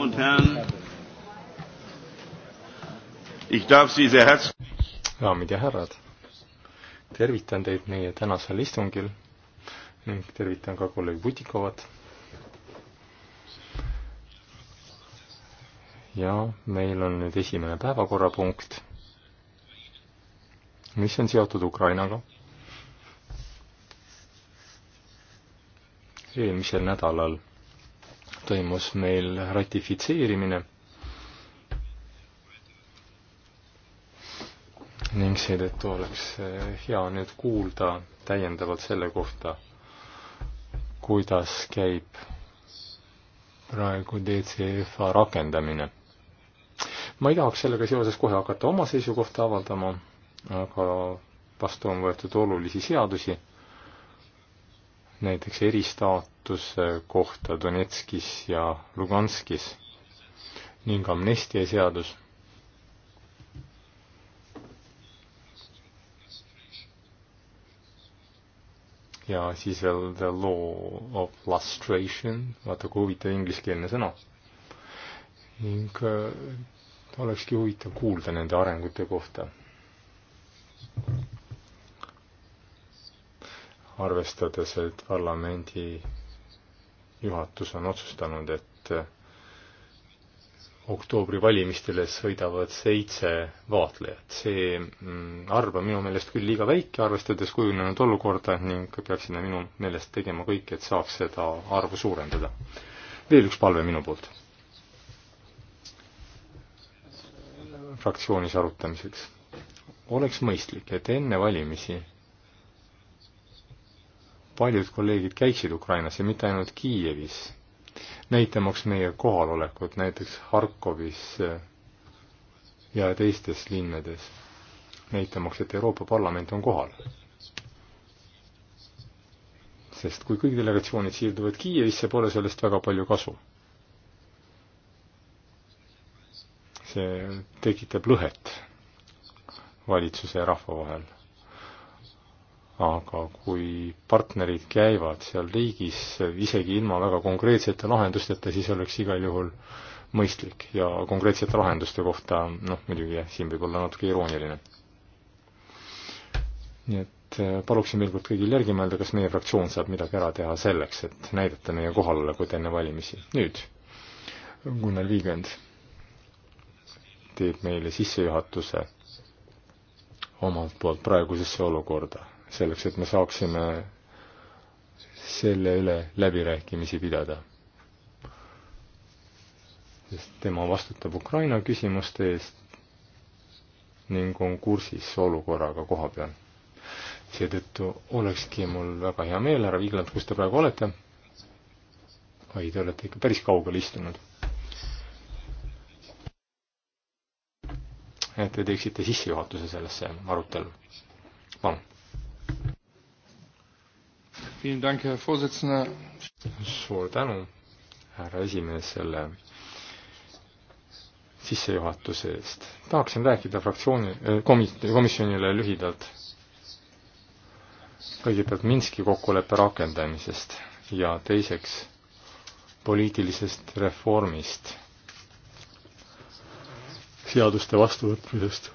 Damen und Herren, ich darf Sie sehr herzlich. daamid ja härrad, tervitan teid meie tänasel istungil ning tervitan ka kolleeg Vutikovat. ja meil on nüüd esimene päevakorrapunkt, mis on seotud Ukrainaga eelmisel nädalal toimus meil ratifitseerimine ning seetõttu oleks eh, hea nüüd kuulda täiendavalt selle kohta, kuidas käib praegu DCFA rakendamine. ma ei tahaks sellega seoses kohe hakata oma seisukohta avaldama, aga vastu on võetud olulisi seadusi näiteks eristaatuse kohta Donetskis ja Luganskis ning amnestia seadus. ja siis veel the law of lustration, vaata kui huvitav ingliskeelne sõna. ning äh, olekski huvitav kuulda nende arengute kohta arvestades, et parlamendi juhatus on otsustanud, et oktoobri valimistele sõidavad seitse vaatlejat. see mm, arv on minu meelest küll liiga väike, arvestades kujunenud olukorda ning peaksime minu meelest tegema kõik, et saaks seda arvu suurendada. veel üks palve minu poolt fraktsioonis arutamiseks. oleks mõistlik, et enne valimisi paljud kolleegid käiksid Ukrainas ja mitte ainult Kiievis, näitamaks meie kohalolekut näiteks Harkovis eh, ja teistes linnades, näitamaks, et Euroopa Parlament on kohal. sest kui kõik delegatsioonid siirduvad Kiievisse, pole sellest väga palju kasu. see tekitab lõhet valitsuse ja rahva vahel aga kui partnerid käivad seal riigis isegi ilma väga konkreetsete lahendusteta, siis oleks igal juhul mõistlik ja konkreetsete lahenduste kohta noh, muidugi jah, siin võib olla natuke irooniline. nii et äh, paluksin veel kord kõigil järgi mõelda, kas meie fraktsioon saab midagi ära teha selleks, et näidata meie kohalolekut enne valimisi. nüüd Gunnar Viigand teeb meile sissejuhatuse omalt poolt praegusesse olukorda selleks, et me saaksime selle üle läbirääkimisi pidada. sest tema vastutab Ukraina küsimuste eest ning on kursis olukorraga koha peal. seetõttu olekski mul väga hea meel, härra Viigland, kus te praegu olete? oi, te olete ikka päris kaugel istunud. et te teeksite sissejuhatuse sellesse arutellu. palun suur tänu, härra esimees, selle sissejuhatuse eest. tahaksin rääkida fraktsiooni, eh, komi-, komisjonile lühidalt kõigepealt Minski kokkuleppe rakendamisest ja teiseks poliitilisest reformist, seaduste vastuvõtmisest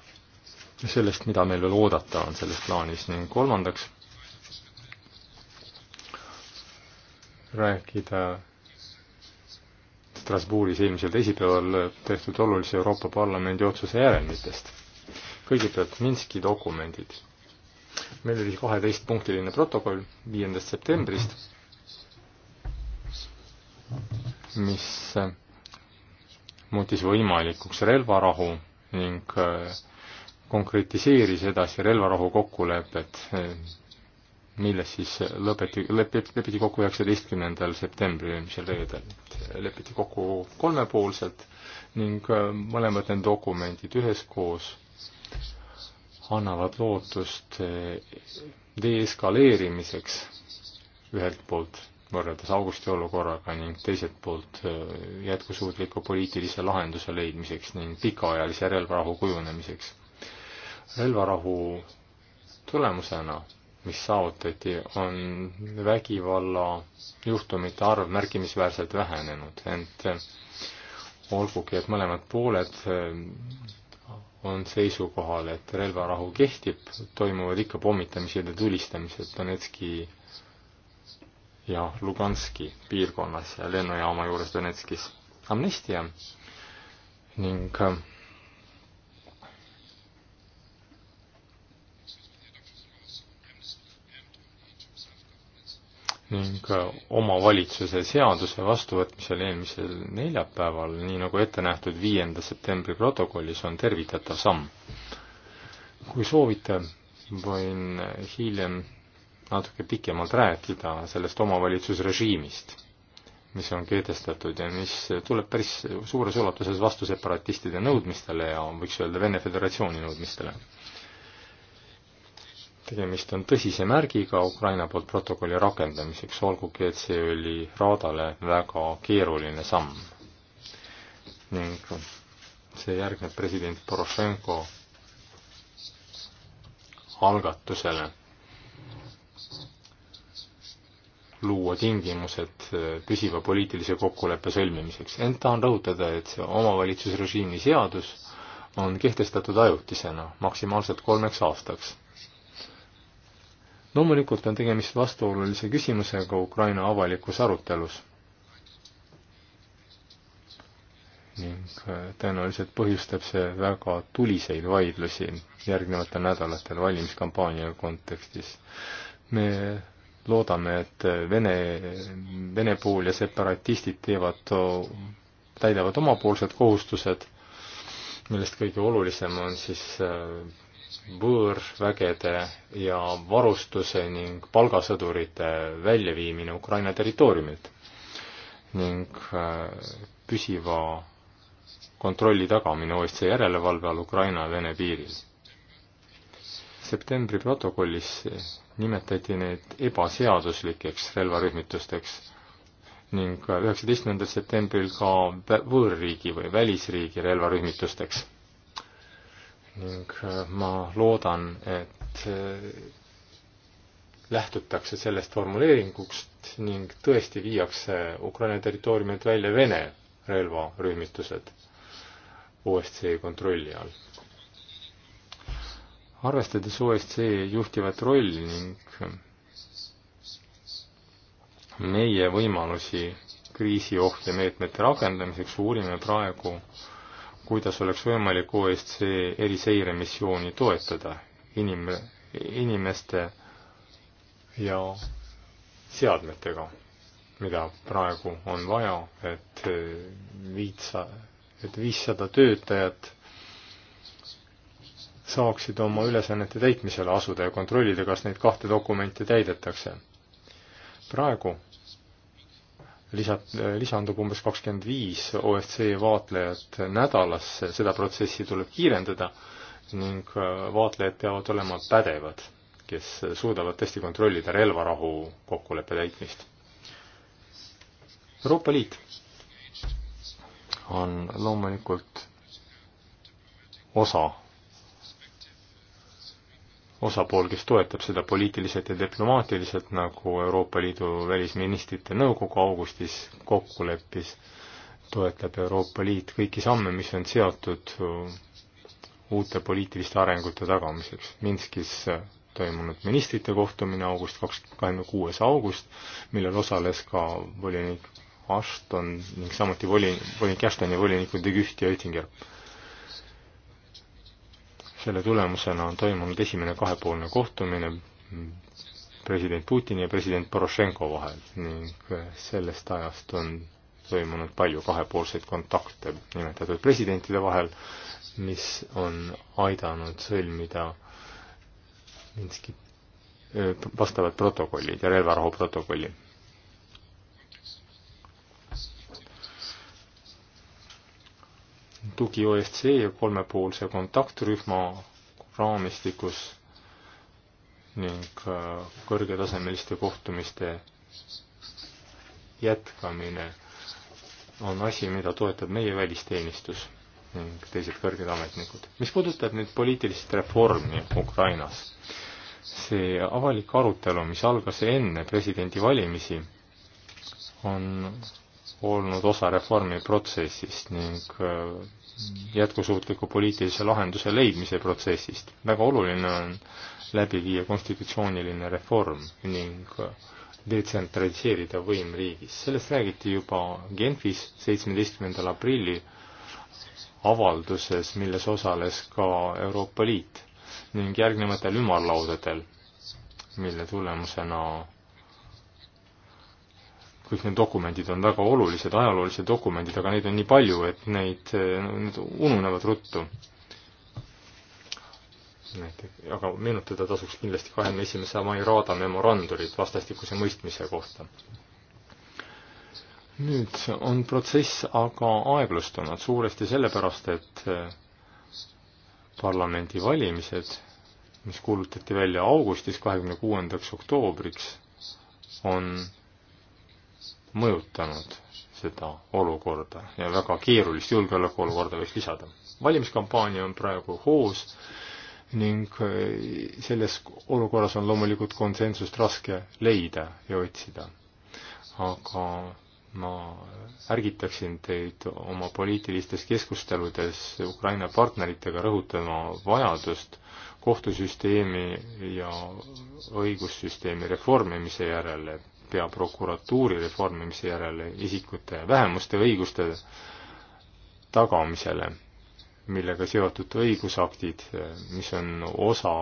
sellest, mida meil veel oodata on selles plaanis ning kolmandaks rääkida Strasbourgis eelmisel teisipäeval tehtud olulise Euroopa Parlamendi otsuse järelmitest. kõigepealt Minski dokumendid. meil oli kaheteistpunktiline protokoll viiendast septembrist, mis muutis võimalikuks relvarahu ning äh, konkretiseeris edasi relvarahu kokkulepet, milles siis lõpeti, lepiti, lepiti kokku üheksateistkümnendal septembril eelmisel reedel. lepiti kokku kolmepoolselt ning äh, mõlemad need dokumendid üheskoos annavad lootust äh, deeskaleerimiseks ühelt poolt võrreldes augusti olukorraga ning teiselt poolt äh, jätkusuutliku poliitilise lahenduse leidmiseks ning pikaajalise relvarahu kujunemiseks relvarahu tulemusena, mis saavutati, on vägivalla juhtumite arv märkimisväärselt vähenenud, ent eh, olgugi, et mõlemad pooled eh, on seisukohal, et relvarahu kehtib, toimuvad ikka pommitamised ja tulistamised Donetski ja Luganski piirkonnas ja lennujaama juures Donetskis. Amnestia ning eh, ning omavalitsuse seaduse vastuvõtmisel eelmisel neljapäeval, nii nagu ette nähtud viienda septembri protokollis, on tervitatav samm. kui soovite, võin hiljem natuke pikemalt rääkida sellest omavalitsusrežiimist, mis on kehtestatud ja mis tuleb päris suures ulatuses vastu separatistide nõudmistele ja võiks öelda Vene Föderatsiooni nõudmistele tegemist on tõsise märgiga Ukraina poolt protokolli rakendamiseks, olgugi et see oli Raadale väga keeruline samm. ning see järgneb president Porošenko algatusele luua tingimused püsiva poliitilise kokkuleppe sõlmimiseks. ent tahan rõhutada, et see omavalitsusrežiimi seadus on kehtestatud ajutisena, maksimaalselt kolmeks aastaks loomulikult on tegemist vastuolulise küsimusega Ukraina avalikus arutelus ning äh, tõenäoliselt põhjustab see väga tuliseid vaidlusi järgnevatel nädalatel valimiskampaania kontekstis. me loodame, et Vene, Vene pool ja separatistid teevad, täidavad omapoolsed kohustused, millest kõige olulisem on siis äh, võõrvägede ja varustuse ning palgasõdurite väljaviimine Ukraina territooriumilt ning äh, püsiva kontrolli tagamine OSCE järelevalve all Ukraina-Vene piiril. septembri protokollis nimetati neid ebaseaduslikeks relvarühmitusteks ning üheksateistkümnendal septembril ka võõrriigi või välisriigi relvarühmitusteks ning äh, ma loodan, et äh, lähtutakse sellest formuleeringust ning tõesti viiakse Ukraina territooriumilt välja Vene relvarühmitused OSCE kontrolli all. arvestades OSCE juhtivat rolli ning äh, meie võimalusi kriisiohjemeetmete rakendamiseks, uurime praegu äh, kuidas oleks võimalik OSCE eriseiremissiooni toetada inim-, inimeste ja seadmetega, mida praegu on vaja, et äh, viitsa, et viissada töötajat saaksid oma ülesannete täitmisele asuda ja kontrollida, kas neid kahte dokumenti täidetakse. praegu lisab, lisandub umbes kakskümmend viis OSCE vaatlejat nädalas, seda protsessi tuleb kiirendada ning äh, vaatlejad peavad olema pädevad, kes suudavad tõesti kontrollida relvarahu kokkuleppe täitmist. Euroopa Liit on loomulikult osa osapool, kes toetab seda poliitiliselt ja diplomaatiliselt, nagu Euroopa Liidu välisministrite nõukogu augustis kokku leppis, toetab Euroopa Liit kõiki samme, mis on seotud uute poliitiliste arengute tagamiseks. Minskis toimunud ministrite kohtumine august kaks, kahekümne kuues august, millel osales ka volinik Ashton ning samuti voli, volinik Ashton ja volinikud De Gucht ja Oettinger selle tulemusena on toimunud esimene kahepoolne kohtumine president Putini ja president Porošenko vahel ning äh, sellest ajast on toimunud palju kahepoolseid kontakte nimetatud presidentide vahel, mis on aidanud sõlmida Minski äh, vastavad protokollid ja relvarahu protokolli tugi OSCE kolmepoolse kontaktrühma raamistikus ning äh, kõrgetasemeliste kohtumiste jätkamine on asi, mida toetab meie välisteenistus ning teised kõrged ametnikud. mis puudutab nüüd poliitilist reformi Ukrainas, see avalik arutelu, mis algas enne presidendivalimisi, on olnud osa reformiprotsessist ning äh, jätkusuutliku poliitilise lahenduse leidmise protsessist. väga oluline on läbi viia konstitutsiooniline reform ning äh, detsentraliseerida võim riigis. sellest räägiti juba Genfis seitsmeteistkümnendal aprilli avalduses, milles osales ka Euroopa Liit ning järgnevatel ümarlaudadel, mille tulemusena kõik need dokumendid on väga olulised, ajaloolised dokumendid, aga neid on nii palju, et neid, need ununevad ruttu. aga meenutada tasuks kindlasti kahekümne esimese mai Raada memorandumit vastastikuse mõistmise kohta. nüüd on protsess aga aeglustunud suuresti sellepärast, et eh, parlamendivalimised, mis kuulutati välja augustis kahekümne kuuendaks oktoobriks, on mõjutanud seda olukorda ja väga keerulist julgeolekuolukorda võiks lisada. valimiskampaania on praegu hoos ning äh, selles olukorras on loomulikult konsensust raske leida ja otsida. aga ma ärgitaksin teid oma poliitilistes keskusteludes Ukraina partneritega rõhutama vajadust kohtusüsteemi ja õigussüsteemi reformimise järele, et peaprokuratuuri reformimise järel isikute ja vähemuste õiguste tagamisele, millega seotud õigusaktid, mis on osa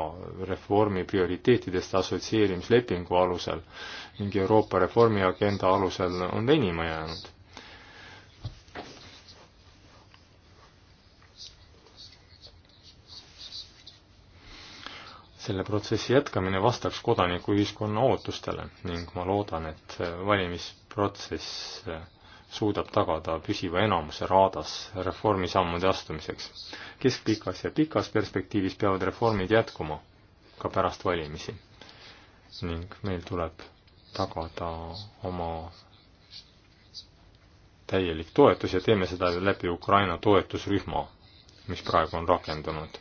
reformi prioriteetidest assotsieerimislepingu alusel ning Euroopa reformiagenda alusel, on venima jäänud. selle protsessi jätkamine vastaks kodanikuühiskonna ootustele ning ma loodan, et valimisprotsess suudab tagada püsiva enamuse raadas reformisammude astumiseks. keskpikas ja pikas perspektiivis peavad reformid jätkuma ka pärast valimisi ning meil tuleb tagada oma täielik toetus ja teeme seda läbi Ukraina toetusrühma, mis praegu on rakendunud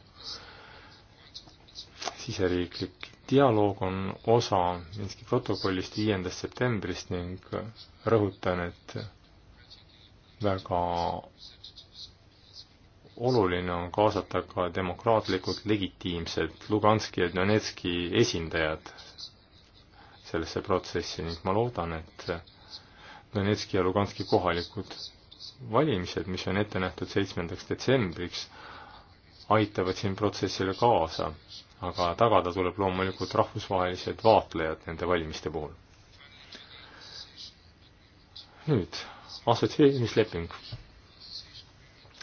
siseriiklik dialoog on osa Minski protokollist viiendast septembrist ning rõhutan, et väga oluline on kaasata ka demokraatlikult legitiimsed Luganski ja Donetski esindajad sellesse protsessi ning ma loodan, et Donetski ja Luganski kohalikud valimised, mis on ette nähtud seitsmendaks detsembriks, aitavad siin protsessile kaasa aga tagada tuleb loomulikult rahvusvahelised vaatlejad nende valimiste puhul. nüüd, assotsieerimisleping,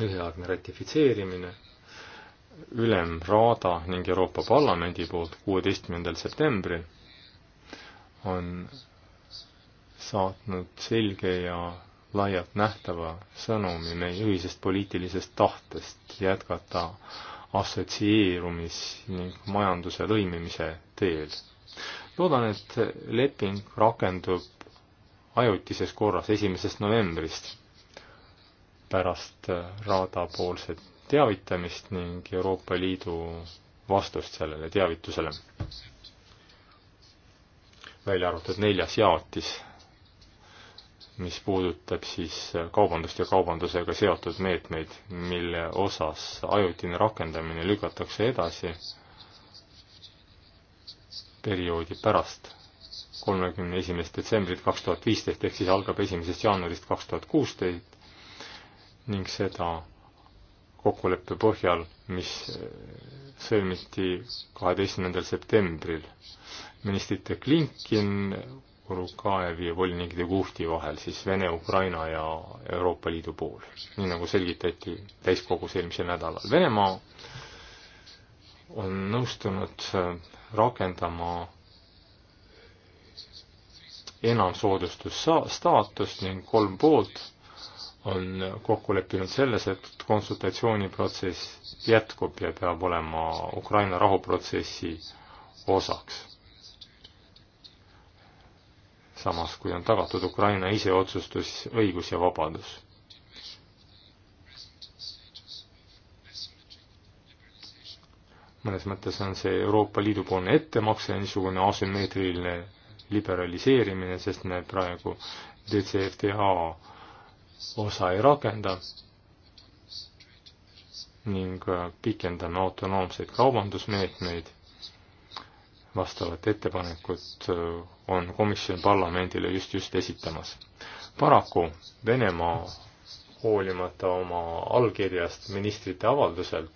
üheaegne ratifitseerimine, Ülemraada ning Euroopa Parlamendi poolt kuueteistkümnendal septembril on saatnud selge ja laialt nähtava sõnumi meie ühisest poliitilisest tahtest jätkata äh, assotsieerumis ning majanduse lõimimise teel. loodan, et leping rakendub ajutises korras esimesest novembrist pärast Raada poolset teavitamist ning Euroopa Liidu vastust sellele teavitusele. välja arvatud neljas jaotis mis puudutab siis kaubandust ja kaubandusega seotud meetmeid, mille osas ajutine rakendamine lükatakse edasi perioodi pärast kolmekümne esimest detsembrit kaks tuhat viisteist ehk siis algab esimesest jaanuarist kaks tuhat kuusteist ning seda kokkuleppe põhjal, mis sõlmiti kaheteistkümnendal septembril. ministrite Klinkin Urukaevi ja volinik de Guhti vahel siis Vene, Ukraina ja Euroopa Liidu pool, nii nagu selgitati täiskogus eelmisel nädalal. Venemaa on nõustunud äh, rakendama enamsoodustusstaatust ning kolm poolt on kokku leppinud selles, et konsultatsiooniprotsess jätkub ja peab olema Ukraina rahuprotsessi osaks samas kui on tagatud Ukraina iseotsustus, õigus ja vabadus. mõnes mõttes on see Euroopa Liidu poolne ettemakse niisugune asümmeetriline liberaliseerimine, sest me praegu DCFTA osa ei rakenda ning pikendame autonoomseid kaubandusmeetmeid vastavat ettepanekut äh, on komisjon parlamendile just just esitamas. paraku Venemaa hoolimata oma allkirjast ministrite avaldusel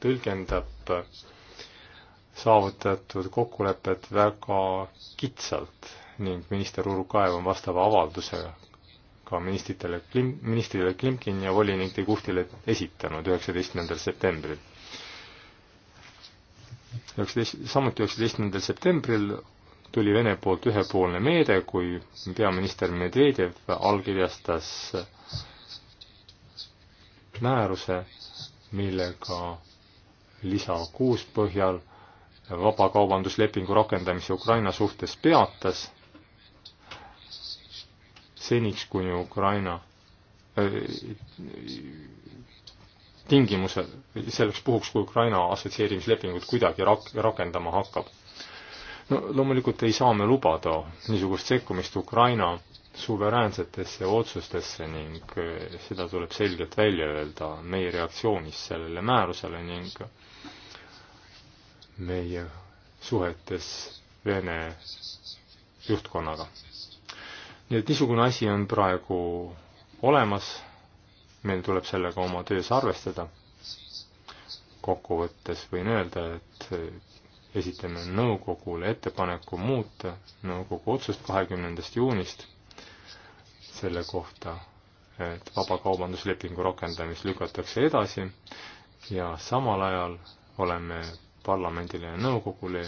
tõlgendab äh, saavutatud kokkulepet väga kitsalt ning minister Urukaev on vastava avalduse ka ministritele Klim-, ministrile Klimkin ja volinik Deguhtile esitanud üheksateistkümnendal septembril üheksateist, samuti üheksateistkümnendal septembril tuli Vene poolt ühepoolne meede, kui peaminister Medvedjev allkirjastas määruse, millega lisa kuus põhjal vabakaubanduslepingu rakendamise Ukraina suhtes peatas seniks, kuni Ukraina tingimused selleks puhuks, kui Ukraina assotsieerimislepingut kuidagi rak-, rakendama hakkab. no loomulikult ei saa me lubada niisugust sekkumist Ukraina suveräänsetesse otsustesse ning eh, seda tuleb selgelt välja öelda meie reaktsioonis sellele määrusele ning meie suhetes Vene juhtkonnaga. nii et niisugune asi on praegu olemas meil tuleb sellega oma töös arvestada. kokkuvõttes võin öelda, et esitame nõukogule ettepaneku muuta nõukogu otsust kahekümnendast juunist selle kohta, et vabakaubanduslepingu rakendamist lükatakse edasi ja samal ajal oleme parlamendile ja nõukogule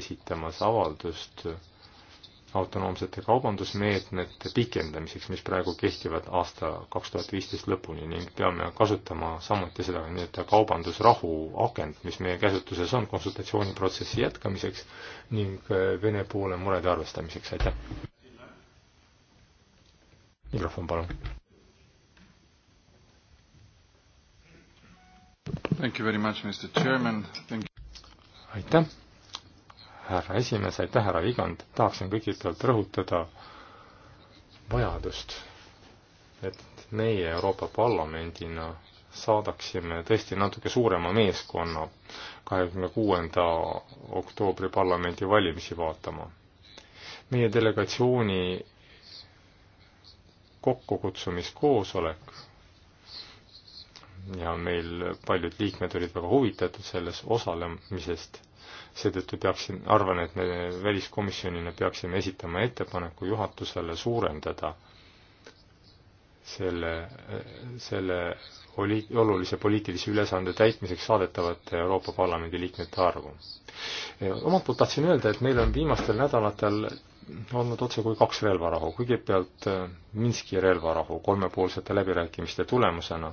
esitamas avaldust autonoomsete kaubandusmeetmete pikendamiseks, mis praegu kehtivad aasta kaks tuhat viisteist lõpuni ning peame kasutama samuti seda nii-öelda kaubandusrahu akent, mis meie käsutuses on konsultatsiooniprotsessi jätkamiseks ning äh, Vene poole murede arvestamiseks, aitäh. mikrofon, palun. aitäh härra esimees, aitäh, härra Vigand, tahaksin kõigepealt rõhutada vajadust, et meie Euroopa Parlamendina saadaksime tõesti natuke suurema meeskonna kahekümne kuuenda oktoobri parlamendi valimisi vaatama. meie delegatsiooni kokkukutsumiskoosolek ja meil paljud liikmed olid väga huvitatud selles osalemisest seetõttu peaksin, arvan, et me väliskomisjonina peaksime esitama ettepaneku juhatusele suurendada selle, selle oli-, olulise poliitilise ülesande täitmiseks saadetavate Euroopa Parlamendi liikmete arvu. omalt poolt tahtsin öelda, et meil on viimastel nädalatel olnud otsekui kaks relvarahu, kõigepealt Minski relvarahu kolmepoolsete läbirääkimiste tulemusena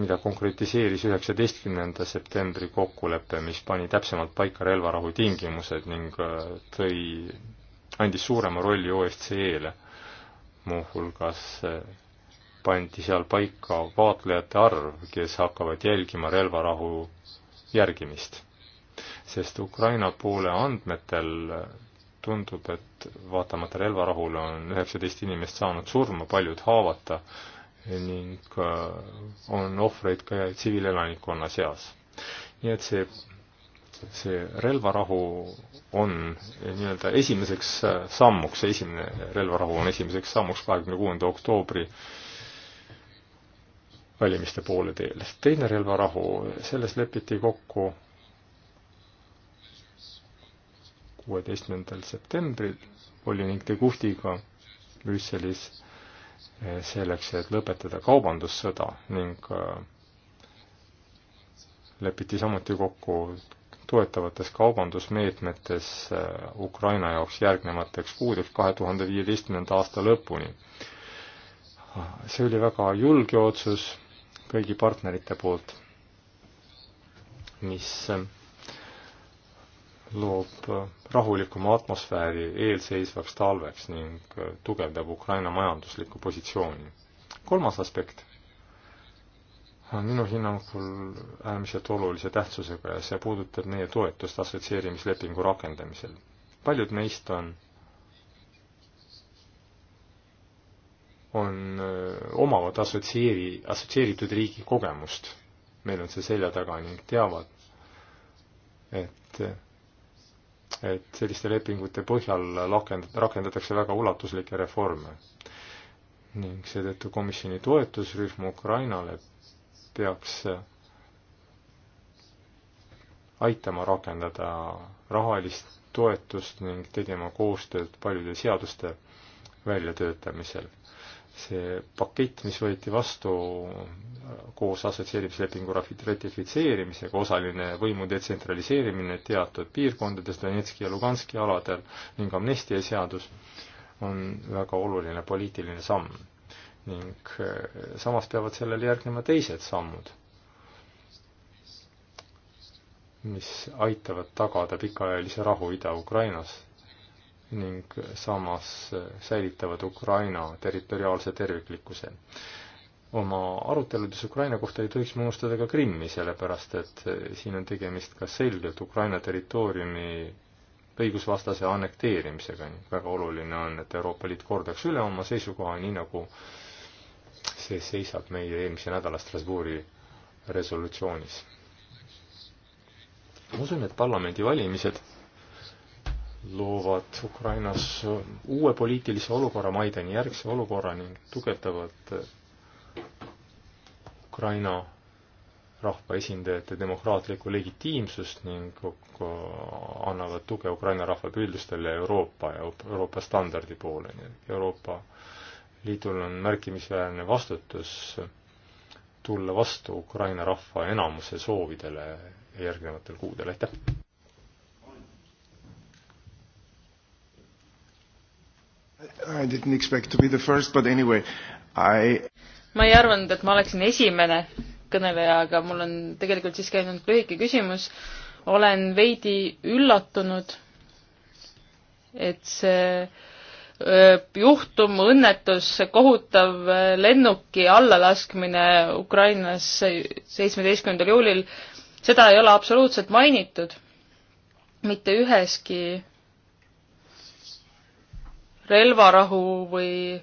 mida konkretiseeris üheksateistkümnenda septembri kokkulepe, mis pani täpsemalt paika relvarahu tingimused ning äh, tõi, andis suurema rolli OSCE-le. muuhulgas äh, pandi seal paika vaatlejate arv, kes hakkavad jälgima relvarahu järgimist. sest Ukraina poole andmetel äh, tundub, et vaatamata relvarahule on üheksateist inimest saanud surma, paljud haavata ning äh, on ohvreid ka tsiviilelanikkonna seas. nii et see, see relvarahu on nii-öelda esimeseks äh, sammuks, see esimene relvarahu on esimeseks sammuks kahekümne kuuenda oktoobri valimiste poole teel. teine relvarahu, selles lepiti kokku kuueteistkümnendal septembril volinik De Guhtiga Brüsselis Eh, selleks, et lõpetada kaubandussõda ning eh, lepiti samuti kokku toetavates kaubandusmeetmetes eh, Ukraina jaoks järgnevateks kuudeks kahe tuhande viieteistkümnenda aasta lõpuni. see oli väga julge otsus kõigi partnerite poolt, mis loob äh, rahulikuma atmosfääri eelseisvaks talveks ning äh, tugevdab Ukraina majanduslikku positsiooni. kolmas aspekt on minu hinnangul äärmiselt olulise tähtsusega ja see puudutab meie toetust assotsieerimislepingu rakendamisel. paljud meist on, on, äh, omavad assotsieeri, assotsieeritud riigi kogemust, meil on see selja taga ning teavad, et et selliste lepingute põhjal rakend-, rakendatakse väga ulatuslikke reforme. ning seetõttu komisjoni toetusrühm Ukrainale peaks aitama rakendada rahalist toetust ning tegema koostööd paljude seaduste väljatöötamisel see pakett, mis võeti vastu koos assotsieerimislepingu ratifitseerimisega, osaline võimu detsentraliseerimine teatud piirkondades, Donetski ja Luganski aladel ning amnestia seadus, on väga oluline poliitiline samm. ning eh, samas peavad sellele järgnema teised sammud, mis aitavad tagada pikaajalise rahu Ida-Ukrainas ning samas säilitavad Ukraina territoriaalse terviklikkuse. oma aruteludes Ukraina kohta ei tohiks me unustada ka Krimmi, sellepärast et siin on tegemist ka selgelt Ukraina territooriumi õigusvastase annekteerimisega ning väga oluline on, et Euroopa Liit kordaks üle oma seisukoha, nii nagu see seisab meie eelmise nädala Strasbourgi resolutsioonis. ma usun, et parlamendivalimised loovad Ukrainas uue poliitilise olukorra Maidani järgse olukorra ning tugevdavad Ukraina rahvaesindajate demokraatlikku legitiimsust ning annavad tuge Ukraina rahva püüdlustele Euroopa ja Euroopa standardi poole. Euroopa Liidul on märkimisväärne vastutus tulla vastu Ukraina rahva enamuse soovidele järgnevatel kuudel, aitäh! I didn't expect to be the first, but anyway, I ma ei arvanud, et ma oleksin esimene kõneleja, aga mul on tegelikult siiski ainult lühike küsimus. olen veidi üllatunud, et see juhtum, õnnetus, kohutav lennuki allalaskmine Ukrainas seitsmeteistkümnendal juulil, seda ei ole absoluutselt mainitud mitte üheski relvarahu või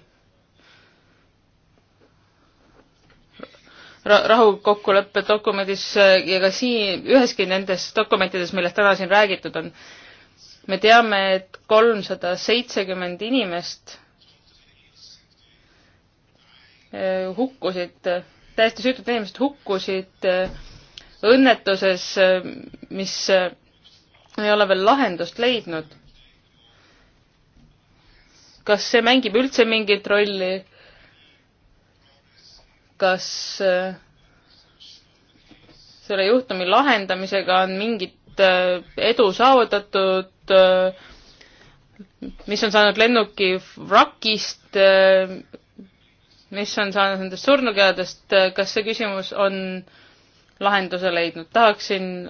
rahukokkuleppe dokumendis ja ka siin üheski nendes dokumentides, millest täna siin räägitud on, me teame, et kolmsada seitsekümmend inimest eh, hukkusid, täiesti süütud inimesed hukkusid eh, õnnetuses, eh, mis ei ole veel lahendust leidnud kas see mängib üldse mingit rolli? kas äh, selle juhtumi lahendamisega on mingit äh, edu saavutatud? Äh, mis on saanud lennuki vrakist? mis on saanud nendest surnukehadest, kas see küsimus on lahenduse leidnud, tahaksin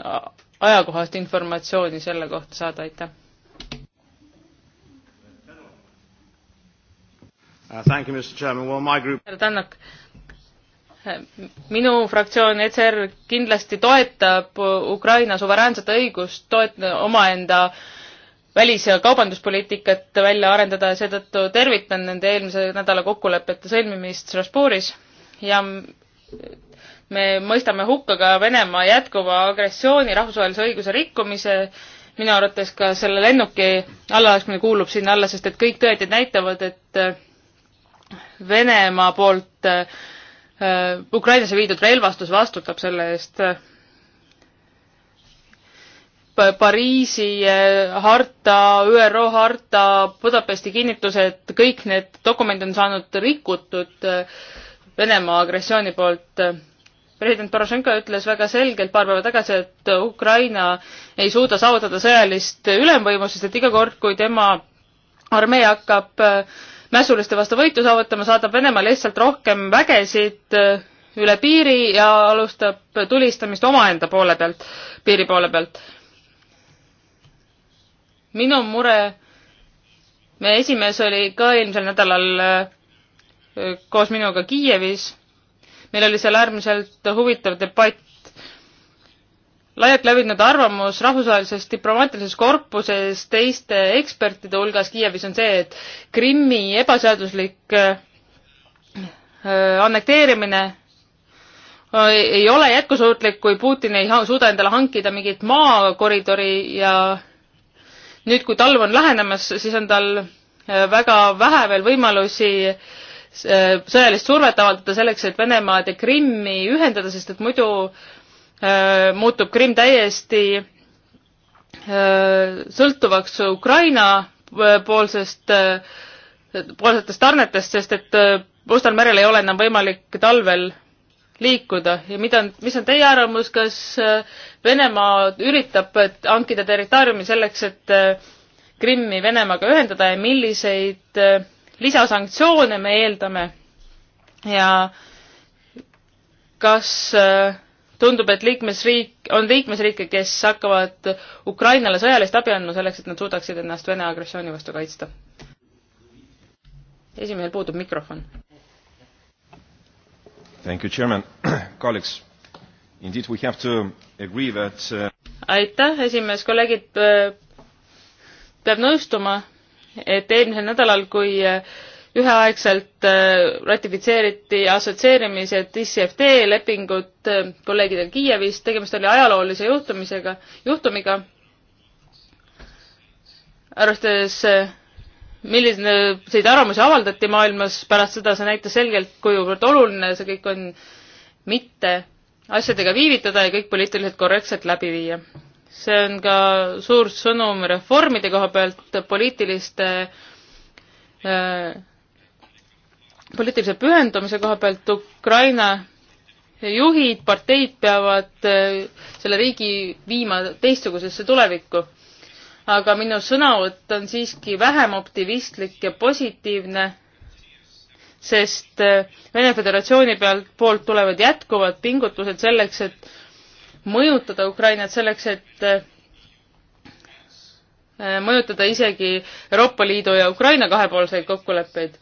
ajakohast informatsiooni selle kohta saada, aitäh. Uh, härra Tannak, minu fraktsioon ECR kindlasti toetab Ukraina suveräänset õigust toet-, omaenda välis- ja kaubanduspoliitikat välja arendada ja seetõttu tervitan nende eelmise nädala kokkulepete sõlmimist Strasbourgis ja me mõistame hukka ka Venemaa jätkuva agressiooni, rahvusvahelise õiguse rikkumise, minu arvates ka selle lennuki allalaskmine kuulub sinna alla, sest et kõik tõendid näitavad, et Venemaa poolt äh, äh, Ukrainasse viidud relvastus vastutab selle eest. Pariisi äh, harta, ÜRO harta, Budapesti kinnitused, kõik need dokumendid on saanud rikutud Venemaa agressiooni poolt. president Porošenko ütles väga selgelt paar päeva tagasi, et Ukraina ei suuda saavutada sõjalist ülemvõimu, sest et iga kord, kui tema armee hakkab äh, mässuliste vastu võitu saavutama, saadab Venemaa lihtsalt rohkem vägesid äh, üle piiri ja alustab tulistamist omaenda poole pealt, piiri poole pealt. minu mure, meie esimees oli ka eelmisel nädalal äh, koos minuga Kiievis. meil oli seal äärmiselt huvitav debatt laialt levinud arvamus rahvusvahelises diplomaatilises korpuses teiste ekspertide hulgas Kiievis on see, et Krimmi ebaseaduslik äh, äh, annekteerimine äh, ei ole jätkusuutlik, kui Putin ei suuda endale hankida mingit maakoridori ja nüüd, kui talv on lähenemas, siis on tal väga vähe veel võimalusi sõjalist survet avaldada selleks, et Venemaad ja Krimmi ühendada, sest et muidu äh, Äh, muutub Krimm täiesti äh, sõltuvaks Ukraina äh, poolsest, poolsetest tarnetest, sest et Mustal merel ei ole enam võimalik talvel liikuda ja mida, mis on teie arvamus, kas Venemaa üritab hankida territooriumi selleks, et Krimmi Venemaaga ühendada ja milliseid lisasanktsioone me eeldame ja kas äh, tundub, et liikmesriik, on liikmesriike, kes hakkavad Ukrainale sõjalist abi andma selleks, et nad suudaksid ennast Vene agressiooni vastu kaitsta. esimehel puudub mikrofon. Thank you, chairman. Colleagues, indeed we have to agree that uh... aitäh, esimees, kolleegid, äh, peab nõustuma, et eelmisel nädalal, kui uh, üheaegselt äh, ratifitseeriti assotsieerimise DCFD lepingut äh, kolleegidel Kiievis, tegemist oli ajaloolise juhtumisega, juhtumiga. arvestades, äh, milliseid arvamusi avaldati maailmas pärast seda, see näitas selgelt, kuivõrd oluline see kõik on mitte asjadega viivitada ja kõik poliitiliselt korrektselt läbi viia. see on ka suur sõnum reformide koha pealt poliitiliste äh, poliitilise pühendumise koha pealt Ukraina juhid, parteid peavad eh, selle riigi viima teistsugusesse tulevikku. aga minu sõnavõtt on siiski vähem optimistlik ja positiivne, sest eh, Vene Föderatsiooni pealt, poolt tulevad jätkuvad pingutused selleks, et mõjutada Ukrainat, selleks et eh, mõjutada isegi Euroopa Liidu ja Ukraina kahepoolseid kokkuleppeid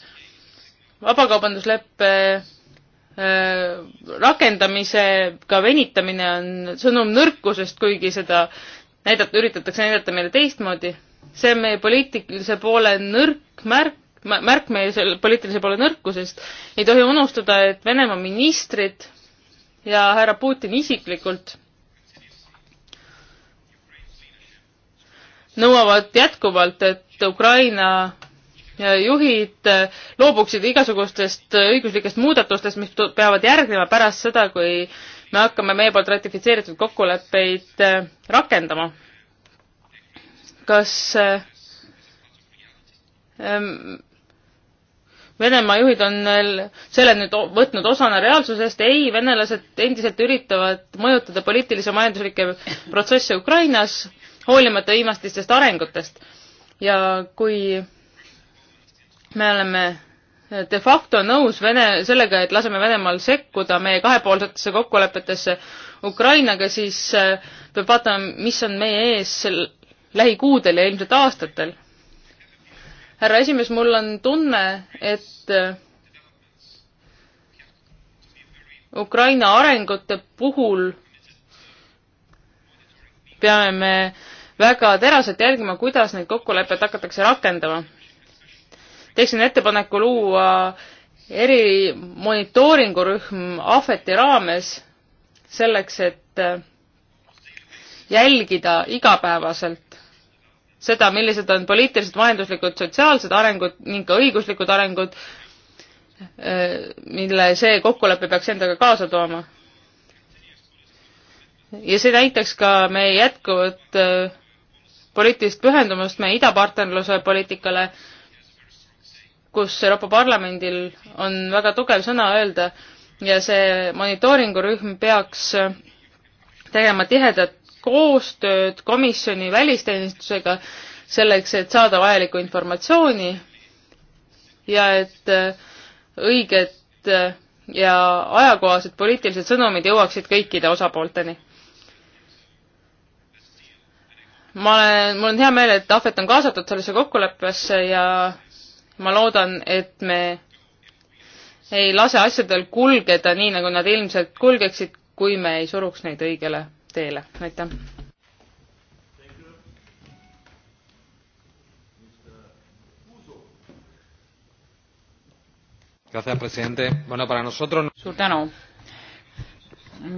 vabakaubandusleppe äh, rakendamisega venitamine on sõnum nõrkusest, kuigi seda näidata, üritatakse näidata meile teistmoodi. see on meie poliitilise poole nõrk märk, märk meie selle poliitilise poole nõrkusest. ei tohi unustada, et Venemaa ministrid ja härra Putin isiklikult nõuavad jätkuvalt, et Ukraina juhid äh, loobuksid igasugustest äh, õiguslikest muudatustest, mis peavad järgnema pärast seda, kui me hakkame meie poolt ratifitseeritud kokkuleppeid äh, rakendama. kas ähm, Venemaa juhid on selle nüüd võtnud osana reaalsusest, ei, venelased endiselt üritavad mõjutada poliitilisi ja majanduslikke protsesse Ukrainas, hoolimata viimastistest arengutest. ja kui me oleme de facto nõus Vene, sellega, et laseme Venemaal sekkuda meie kahepoolsetesse kokkulepetesse Ukrainaga, siis äh, peab vaatama, mis on meie ees lähikuudel ja ilmselt aastatel. härra esimees, mul on tunne, et äh, Ukraina arengute puhul peame me väga teraselt jälgima, kuidas neid kokkuleppeid hakatakse rakendama teeksin ettepaneku luua eri monitooringurühm ahveti raames selleks, et äh, jälgida igapäevaselt seda, millised on poliitilised, majanduslikud, sotsiaalsed arengud ning ka õiguslikud arengud, äh, mille see kokkulepe peaks endaga kaasa tooma. ja see näitaks ka meie jätkuvat äh, poliitilist pühendumust meie idapartnerluse poliitikale kus Euroopa Parlamendil on väga tugev sõna öelda ja see monitooringurühm peaks tegema tihedat koostööd komisjoni välisteenistusega selleks, et saada vajalikku informatsiooni ja et äh, õiged äh, ja ajakohased poliitilised sõnumid jõuaksid kõikide osapoolteni. ma olen, mul on hea meel, et Ahvet on kaasatud sellesse kokkuleppesse ja ma loodan, et me ei lase asjadel kulgeda nii, nagu nad ilmselt kulgeksid, kui me ei suruks neid õigele teele. aitäh! suur tänu!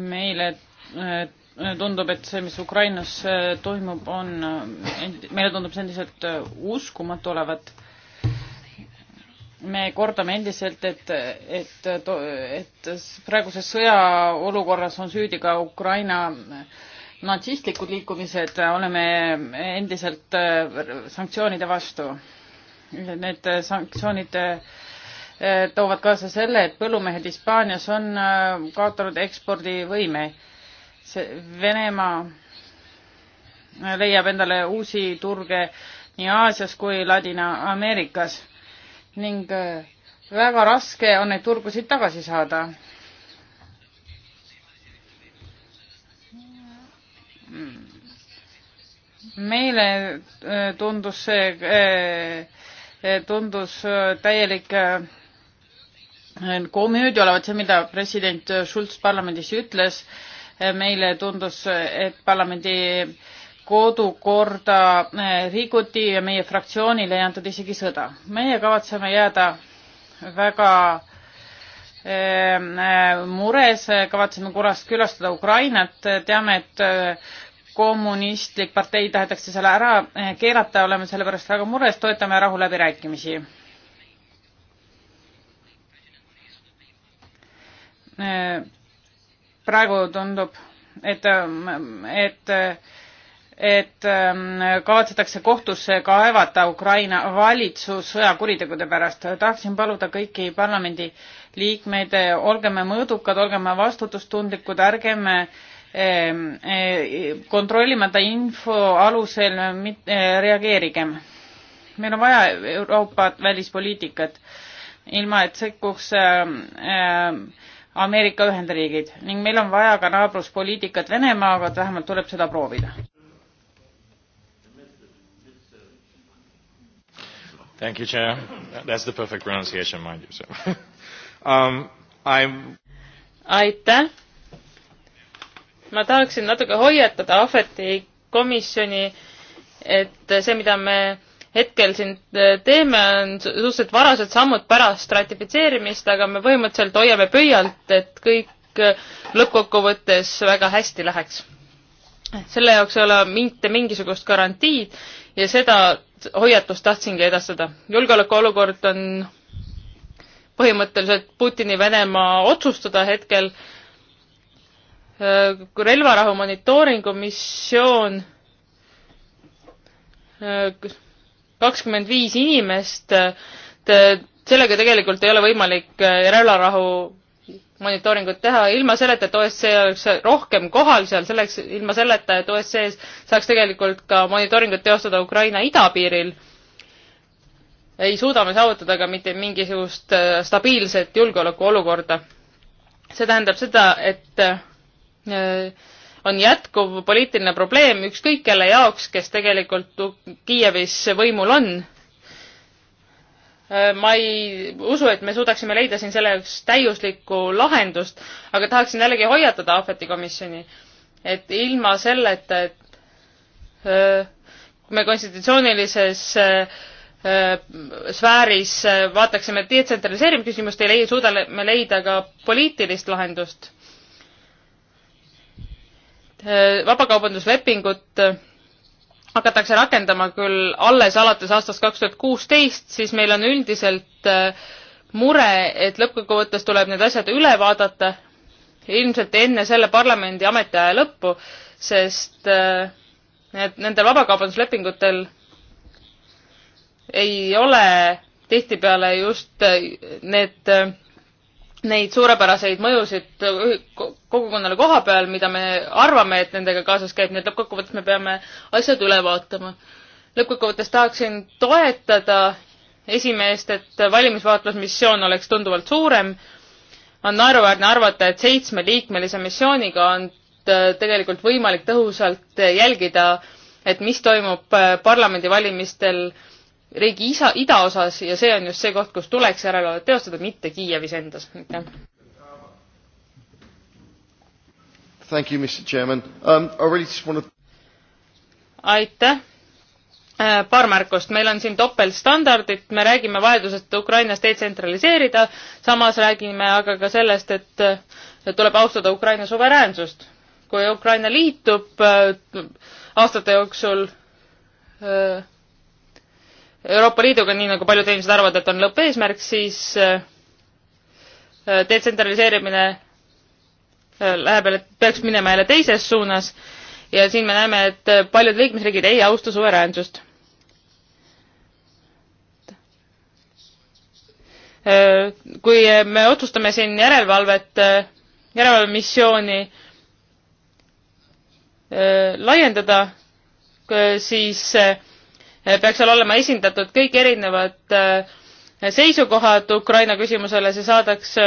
meile äh, tundub, et see, mis Ukrainas äh, toimub, on, äh, meile tundub see endiselt uskumatu olevat me kordame endiselt, et, et, et praeguses sõjaolukorras on süüdi ka Ukraina natsistlikud liikumised, oleme endiselt äh, sanktsioonide vastu. Need sanktsioonid äh, toovad kaasa selle, et põllumehed Hispaanias on äh, kaotanud ekspordivõime. see Venemaa leiab endale uusi turge nii Aasias kui Ladina-Ameerikas ning äh, väga raske on neid turgusid tagasi saada. meile äh, tundus see, äh, tundus täielik komöödia olevat see, mida president Schulz parlamendis ütles. meile tundus, et parlamendi kodukorda eh, rikuti ja meie fraktsioonile ei antud isegi sõda. meie kavatseme jääda väga eh, eh, mures, kavatseme korrast külastada Ukrainat, teame, et kommunistlik partei tahetakse seal ära keelata, oleme selle pärast väga mures, toetame rahuläbirääkimisi. praegu tundub, et, et et ähm, kavatsetakse kohtusse kaevata Ukraina valitsus sõjakuritegude pärast. tahaksin paluda kõiki parlamendi liikmeid, eh, olgem mõõdukad, olgem vastutustundlikud, ärgem eh, eh, kontrollimata info alusel reageerigem. meil on vaja Euroopa välispoliitikat, ilma et sekkuks ähm, ähm, Ameerika Ühendriigid ning meil on vaja ka naabruspoliitikat Venemaaga, et vähemalt tuleb seda proovida Thank you, Chair. That's the perfect pronunciation, mind you. So. um, I'm... aitäh! ma tahaksin natuke hoiatada Ahveti komisjoni, et see, mida me hetkel siin äh, teeme, on suhteliselt varased sammud pärast ratifitseerimist, aga me põhimõtteliselt hoiame pöialt, et kõik äh, lõppkokkuvõttes väga hästi läheks. selle jaoks ei ole mitte mingisugust garantiid ja seda hoiatust tahtsingi edastada. julgeolekuolukord on põhimõtteliselt Putini Venemaa otsustada hetkel. Äh, relvarahu monitooringu missioon, äh, kakskümmend viis inimest, äh, sellega tegelikult ei ole võimalik relvarahu monitooringut teha ilma selleta, et OSCE oleks rohkem kohal seal, selleks, ilma selleta, et OSCE-s saaks tegelikult ka monitooringut teostada Ukraina idapiiril, ei suuda me saavutada ka mitte mingisugust äh, stabiilset julgeolekuolukorda. see tähendab seda, et äh, on jätkuv poliitiline probleem ükskõik kelle jaoks, kes tegelikult Kiievis võimul on Äh, ma ei usu, et me suudaksime leida siin selle jaoks täiuslikku lahendust, aga tahaksin jällegi hoiatada Ahveti komisjoni, et ilma selleta, et äh, me konstitutsioonilises äh, sfääris vaataksime detsentraliseerimise küsimust, ei leia, suuda me leida ka poliitilist lahendust. vabakaubanduslepingut hakatakse rakendama küll alles alates aastast kaks tuhat kuusteist, siis meil on üldiselt äh, mure, et lõppkokkuvõttes tuleb need asjad üle vaadata, ilmselt enne selle parlamendi ametiaja lõppu, sest äh, need, nendel vabakaubanduslepingutel ei ole tihtipeale just äh, need, neid suurepäraseid mõjusid kogukonnale koha peal, mida me arvame, et nendega kaasas käib, nii et lõppkokkuvõttes me peame asjad üle vaatama. lõppkokkuvõttes tahaksin toetada esimeest, et valimisvaatlusmissioon oleks tunduvalt suurem. on naeruväärne arvata, et seitsmeliikmelise missiooniga on äh, tegelikult võimalik tõhusalt äh, jälgida, et mis toimub äh, parlamendivalimistel riigi isa, idaosas ja see on just see koht, kus tuleks järelevalvet teostada, mitte Kiievis endas. aitäh! Thank you, Mr Chairman um,. I really just wanna... aitäh äh, paar märkust, meil on siin topeltstandardid, me räägime vajadusest Ukrainas detsentraliseerida, samas räägime aga ka sellest, et tuleb austada Ukraina suveräänsust. kui Ukraina liitub äh, aastate jooksul äh, Euroopa Liiduga, nii nagu paljud inimesed arvavad, et on lõppeesmärk, siis detsentraliseerimine Äh, läheb jälle, peaks minema jälle teises suunas ja siin me näeme, et äh, paljud liikmesriigid ei austa suveräänsust äh, kui me otsustame siin järelevalvet, järelevalvemissiooni laiendada, siis peaks seal olema esindatud kõik erinevad seisukohad Ukraina küsimusele, see saadaks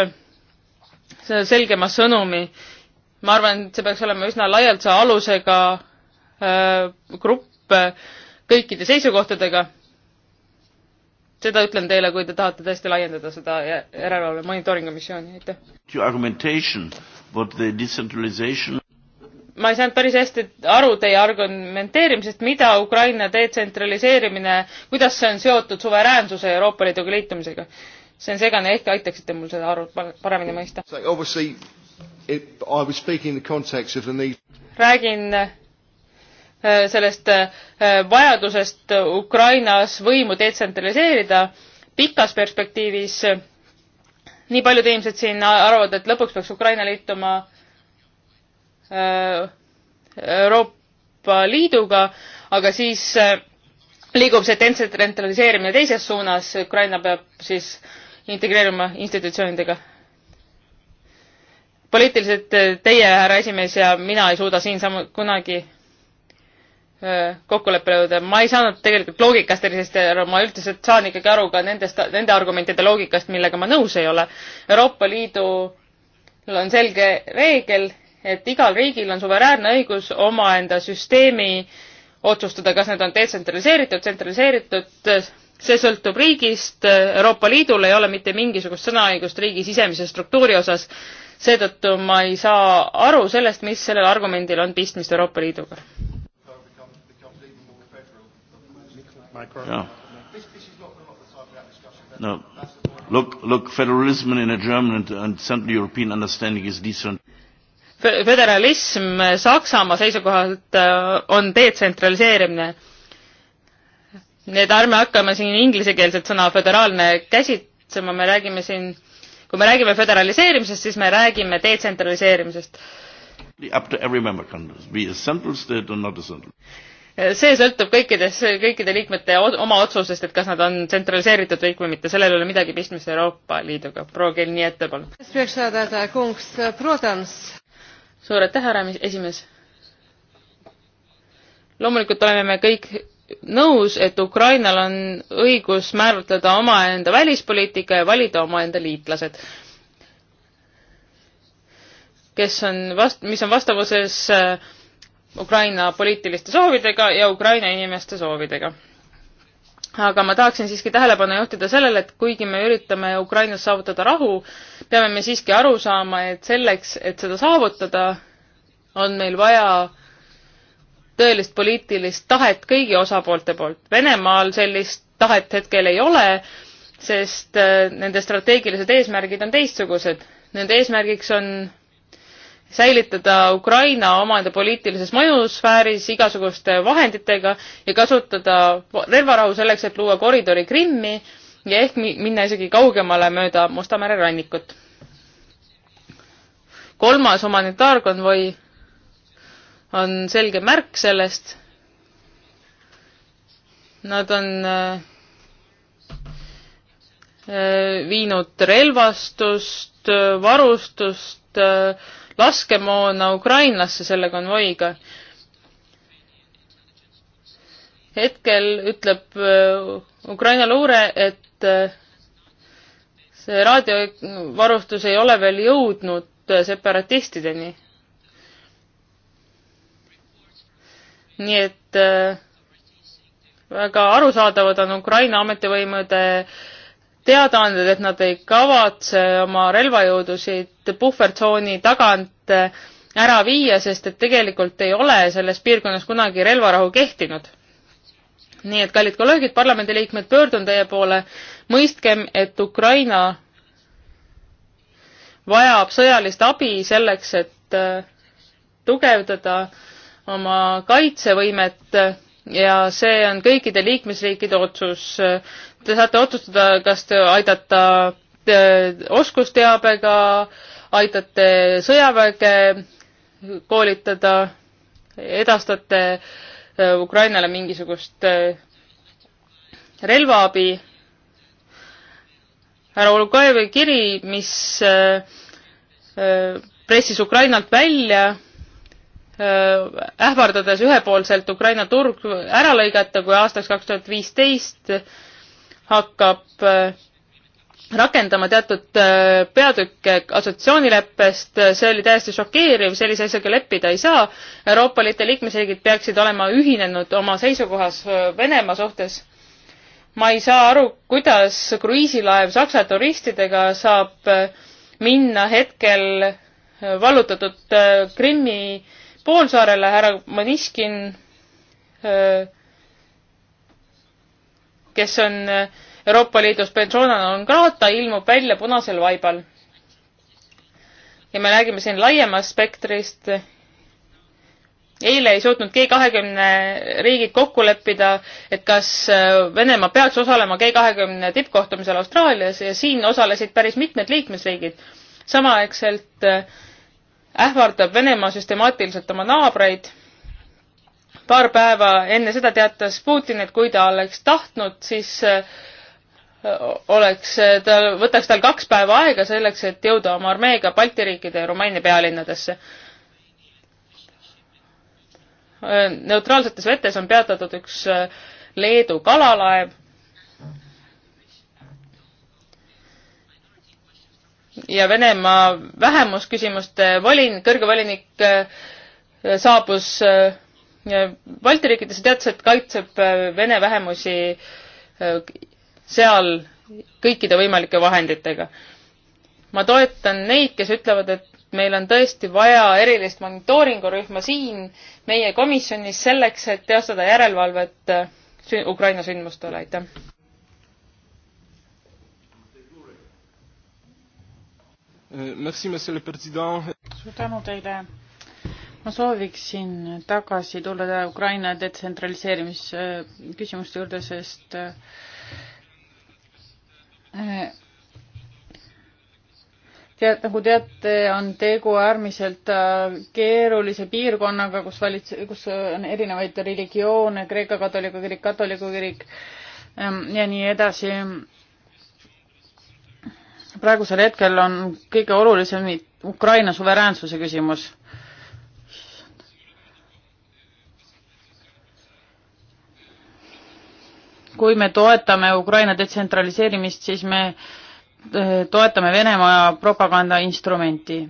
selgema sõnumi. ma arvan, et see peaks olema üsna laialdase alusega äh, grupp äh, kõikide seisukohtadega. seda ütlen teile, kui te tahate tõesti laiendada seda järelevalve monitooringu missiooni, aitäh. ma ei saanud päris hästi aru teie argumenteerimisest, mida Ukraina detsentraliseerimine, kuidas see on seotud suveräänsuse Euroopa Liiduga liitumisega see on segane, ehk aitaksite mul seda aru paremini mõista? räägin äh, sellest äh, vajadusest Ukrainas võimu detsentraliseerida pikas perspektiivis. nii paljud inimesed siin arvavad, et lõpuks peaks Ukraina liituma äh, Euroopa Liiduga, aga siis liigub see detsentraliseerimine teises suunas, Ukraina peab siis integreeruma institutsioonidega. poliitiliselt eh, teie, härra esimees, ja mina ei suuda siin samu-, kunagi eh, kokkuleppele jõuda. ma ei saanud tegelikult loogikast sellisest aru, ma üldiselt saan ikkagi aru ka nendest, nende argumentide loogikast, millega ma nõus ei ole. Euroopa Liidul on selge reegel, et igal riigil on suveräänne õigus omaenda süsteemi otsustada, kas need on detsentraliseeritud, tsentraliseeritud see sõltub riigist, Euroopa Liidul ei ole mitte mingisugust sõnaõigust riigi sisemise struktuuri osas, seetõttu ma ei saa aru sellest, mis sellel argumendil on pistmist Euroopa Liiduga. jah. no look, look federalism in a German and Central European understanding is different Fe. föderalism Saksamaa seisukohalt äh, on detsentraliseerimine nii et ärme hakkame siin inglisekeelset sõna föderaalne käsitsema, me räägime siin, kui me räägime föderaliseerimisest, siis me räägime detsentraliseerimisest. see sõltub kõikides, kõikide liikmete oma otsusest, et kas nad on tsentraliseeritud riik või mitte, sellel ei ole midagi pistmist Euroopa Liiduga. proua Kell, nii ette palun. suur aitäh, härra esimees. loomulikult oleme me kõik nõus, et Ukrainal on õigus määratleda omaenda välispoliitika ja valida omaenda liitlased, kes on vast-, mis on vastavuses äh, Ukraina poliitiliste soovidega ja Ukraina inimeste soovidega. aga ma tahaksin siiski tähelepanu juhtida sellele, et kuigi me üritame Ukrainas saavutada rahu, peame me siiski aru saama, et selleks, et seda saavutada, on meil vaja tõelist poliitilist tahet kõigi osapoolte poolt. Venemaal sellist tahet hetkel ei ole, sest äh, nende strateegilised eesmärgid on teistsugused. Nende eesmärgiks on säilitada Ukraina omanda poliitilises mõjusfääris igasuguste vahenditega ja kasutada relvarahu selleks, et luua koridori Krimmi ja ehk minna isegi kaugemale mööda Musta mere rannikut. kolmas humanitaarkonvoi on selge märk sellest. Nad on äh, äh, viinud relvastust, äh, varustust, laskemoona ukrainlasse selle konvoiga. hetkel ütleb Ukraina luure, et see raadiovarustus ei ole veel jõudnud separatistideni. nii et äh, väga arusaadavad on Ukraina ametivõimude teadaanded, et nad ei kavatse oma relvajõudusid puhvertsooni tagant äh, ära viia, sest et tegelikult ei ole selles piirkonnas kunagi relvarahu kehtinud. nii et, kallid kolleegid, parlamendiliikmed, pöördun teie poole, mõistkem, et Ukraina vajab sõjalist abi selleks, et äh, tugevdada äh, oma kaitsevõimet ja see on kõikide liikmesriikide otsus. Te saate otsustada, kas te aidata äh, oskusteabega, aitate sõjaväge koolitada, edastate äh, Ukrainale mingisugust äh, relvaabi. härra Olukajevi kiri, mis pressis Ukrainalt välja Äh, ähvardades ühepoolselt Ukraina turg ära lõigata, kui aastaks kaks tuhat viisteist hakkab äh, rakendama teatud äh, peatükke assotsiatsioonileppest, see oli täiesti šokeeriv, sellise asjaga leppida ei saa. Euroopa Liidu liikmesriigid peaksid olema ühinenud oma seisukohas Venemaa suhtes. ma ei saa aru, kuidas kruiisilaev Saksa turistidega saab minna hetkel vallutatud Krimmi äh, poolsaarele, härra Maniskin, kes on Euroopa Liidus persona non grata, ilmub välja punasel vaibal. ja me räägime siin laiemast spektrist. eile ei suutnud G kahekümne riigid kokku leppida, et kas Venemaa peaks osalema G kahekümne tippkohtumisel Austraalias ja siin osalesid päris mitmed liikmesriigid. samaaegselt äh, ähvardab Venemaa süstemaatiliselt oma naabreid. paar päeva enne seda teatas Putin, et kui ta oleks tahtnud, siis äh, oleks äh, tal, võtaks tal kaks päeva aega selleks, et jõuda oma armeega Balti riikide ja Rumeenia pealinnadesse äh, neutraalsetes vetes on peatatud üks Leedu kalalaev. ja Venemaa vähemusküsimuste volin-, kõrge volinik äh, saabus äh, Balti riikides ja teatas, et kaitseb äh, vene vähemusi seal kõikide võimalike vahenditega. ma toetan neid, kes ütlevad, et meil on tõesti vaja erilist monitooringurühma siin meie komisjonis selleks, et teostada järelevalvet Ukraina sündmuste üle, aitäh! Eh, merci, monsieur le president. suur tänu teile. ma sooviksin tagasi tulla Ukraina detsentraliseerimise küsimuste juurde, sest eh, tead, nagu teate, on tegu äärmiselt äh, keerulise piirkonnaga, kus valits-, kus on erinevaid religioone, Kreeka katoliku kirik, katoliku kirik ehm, ja nii edasi praegusel hetkel on kõige olulisem Ukraina suveräänsuse küsimus. kui me toetame Ukraina detsentraliseerimist, siis me eh, toetame Venemaa propaganda instrumenti.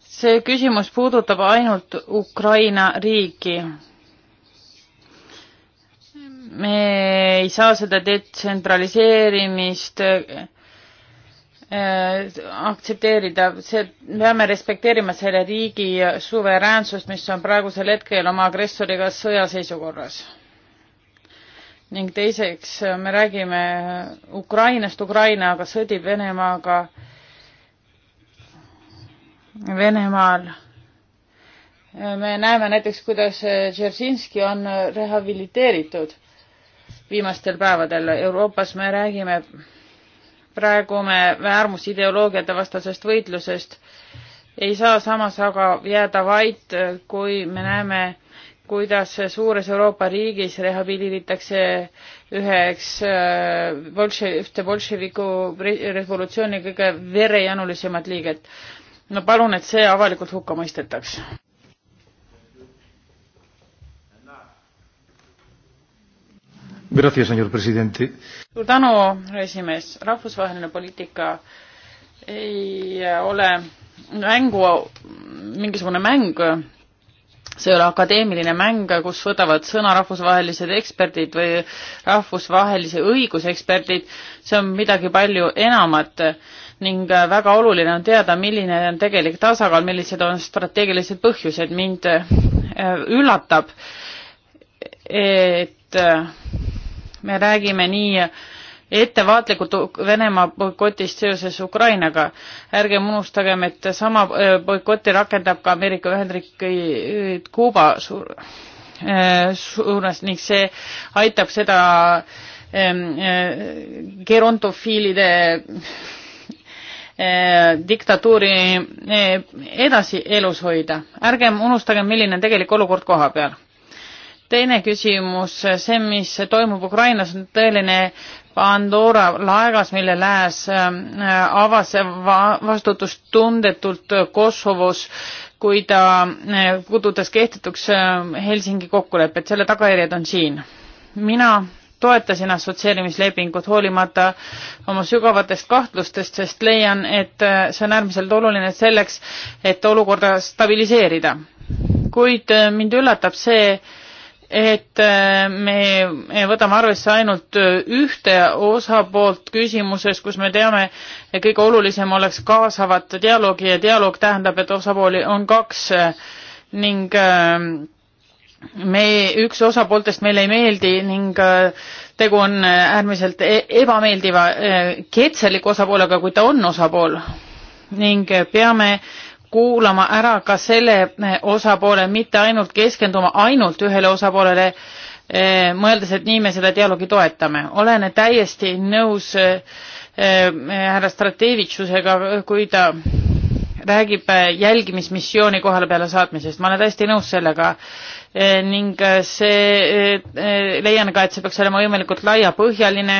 see küsimus puudutab ainult Ukraina riiki. me ei saa seda detsentraliseerimist Äh, aktsepteerida, see, peame respekteerima selle riigi suveräänsust, mis on praegusel hetkel oma agressoriga sõjaseisukorras. ning teiseks, me räägime Ukrainast, Ukraina aga sõdib Venemaaga. Venemaal me näeme näiteks, kuidas Dzeržinski on rehabiliteeritud viimastel päevadel. Euroopas me räägime praegu me äärmusideoloogiate vastasest võitlusest ei saa samas aga jääda vait, kui me näeme, kuidas suures Euroopa riigis rehabiliiritakse üheks äh, bolše-, ühte bolševiku revolutsiooni kõige verejanulisemat liiget. no palun, et see avalikult hukka mõistetaks. suur tänu, esimees. rahvusvaheline poliitika ei ole mängu, mingisugune mäng, see ei ole akadeemiline mäng, kus võtavad sõna rahvusvahelised eksperdid või rahvusvahelise õiguse eksperdid, see on midagi palju enamat ning väga oluline on teada, milline on tegelik tasakaal, millised on strateegilised põhjused. mind üllatab, et me räägime nii ettevaatlikult Venemaa boikotist seoses Ukrainaga. ärgem unustagem, et sama äh, boikoti rakendab ka Ameerika Ühendriigid Kuuba suur, äh, suunas ning see aitab seda ähm, äh, gerontofiilide diktatuuri edasi elus hoida. ärgem unustagem, milline on tegelik olukord koha peal teine küsimus, see, mis toimub Ukrainas, on tõeline Pandora laegas, mille lääs äh, avas vastutustundetult Kosovos, kui ta äh, kudutas kehtetuks äh, Helsingi kokkulepet, selle tagajärjed on siin. mina toetasin assotsieerimislepingut hoolimata oma sügavatest kahtlustest, sest leian, et see on äärmiselt oluline selleks, et olukorda stabiliseerida. kuid mind üllatab see, et äh, me, me võtame arvesse ainult äh, ühte osapoolt küsimuses, kus me teame, kõige olulisem oleks kaasavat dialoogi ja dialoog tähendab, et osapooli on kaks äh, ning me, üks osapooltest meile ei meeldi ning tegu on äärmiselt e-, ebameeldiva ketseliku osapoolega, kui ta on osapool ning peame kuulama ära ka selle eh, osapoole, mitte ainult keskenduma ainult ühele osapoolele, eh, mõeldes, et nii me seda dialoogi toetame. olen täiesti nõus eh, härra Stratevitsusega, kui ta räägib jälgimismissiooni kohale peale saatmisest, ma olen täiesti nõus sellega ning see, leian ka, et see peaks olema võimalikult laiapõhjaline,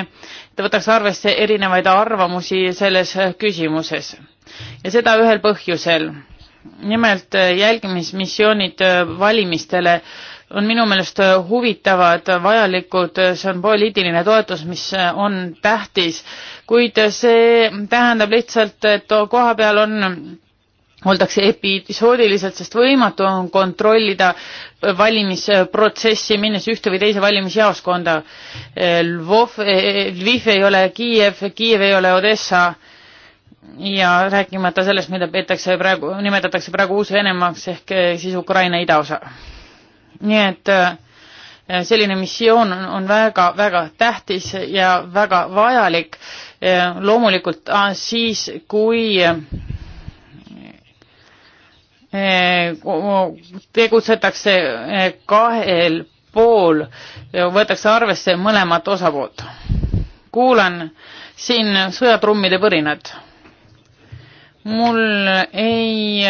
ta võtaks arvesse erinevaid arvamusi selles küsimuses ja seda ühel põhjusel. nimelt äh, jälgimismissioonid äh, valimistele on minu meelest äh, huvitavad, vajalikud, see on poliitiline toetus, mis on tähtis, kuid see tähendab lihtsalt, et koha peal on oldakse episoodiliselt, sest võimatu on kontrollida valimisprotsessi, minnes ühte või teise valimisjaoskonda. Lvov, Lviv ei ole Kiiev, Kiiev ei ole Odessa ja rääkimata sellest, mida peetakse praegu, nimetatakse praegu Uus-Venemaaks ehk eh, siis Ukraina idaosa. nii et eh, selline missioon on väga-väga tähtis ja väga vajalik. Eh, loomulikult ah, siis, kui tegutsetakse kahel pool, võetakse arvesse mõlemat osapoolt. kuulan siin sõjatrummide põrinat mul ei,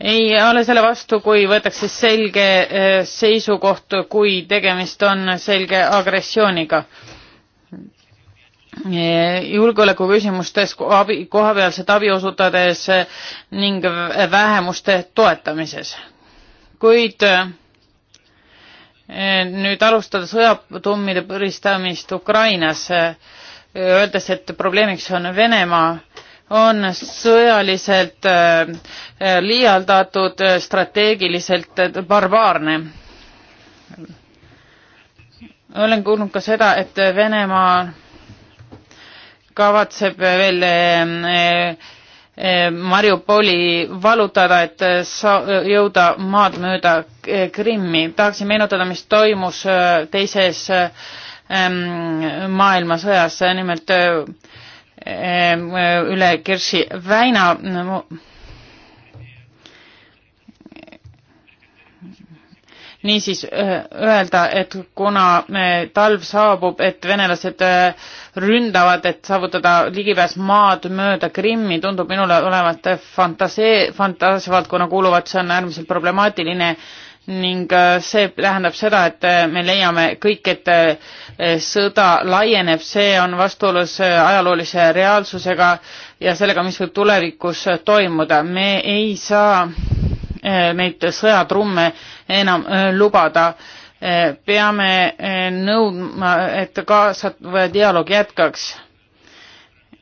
ei ole selle vastu, kui võetakse selge eh, seisukoht, kui tegemist on selge agressiooniga. Eh, julgeoleku küsimustes abi, kohapealset abi osutades eh, ning vähemuste toetamises. kuid nüüd alustada sõjatummide põristamist Ukrainas öeldes, et probleemiks on Venemaa, on sõjaliselt äh, äh, liialdatud, äh, strateegiliselt barbaarne. olen kuulnud ka seda, et Venemaa kavatseb veel Mariupoli vallutada, et sa-, jõuda maad mööda Krimmi. tahaksin meenutada, mis toimus teises Ähm, maailmasõjas, nimelt äh, ähm, üle Kerši väina niisiis äh, öelda, et kuna äh, talv saabub, et venelased ründavad, et saavutada ligipääs maad mööda Krimmi, tundub minule olevat fantasee, fantaasiavaldkonna kuuluvat, see on äärmiselt problemaatiline ning äh, see tähendab seda, et äh, me leiame kõik, et äh, sõda laieneb, see on vastuolus ajaloolise reaalsusega ja sellega, mis võib tulevikus toimuda. me ei saa neid sõjatrumme enam lubada. peame nõudma, et kaasav dialoog jätkaks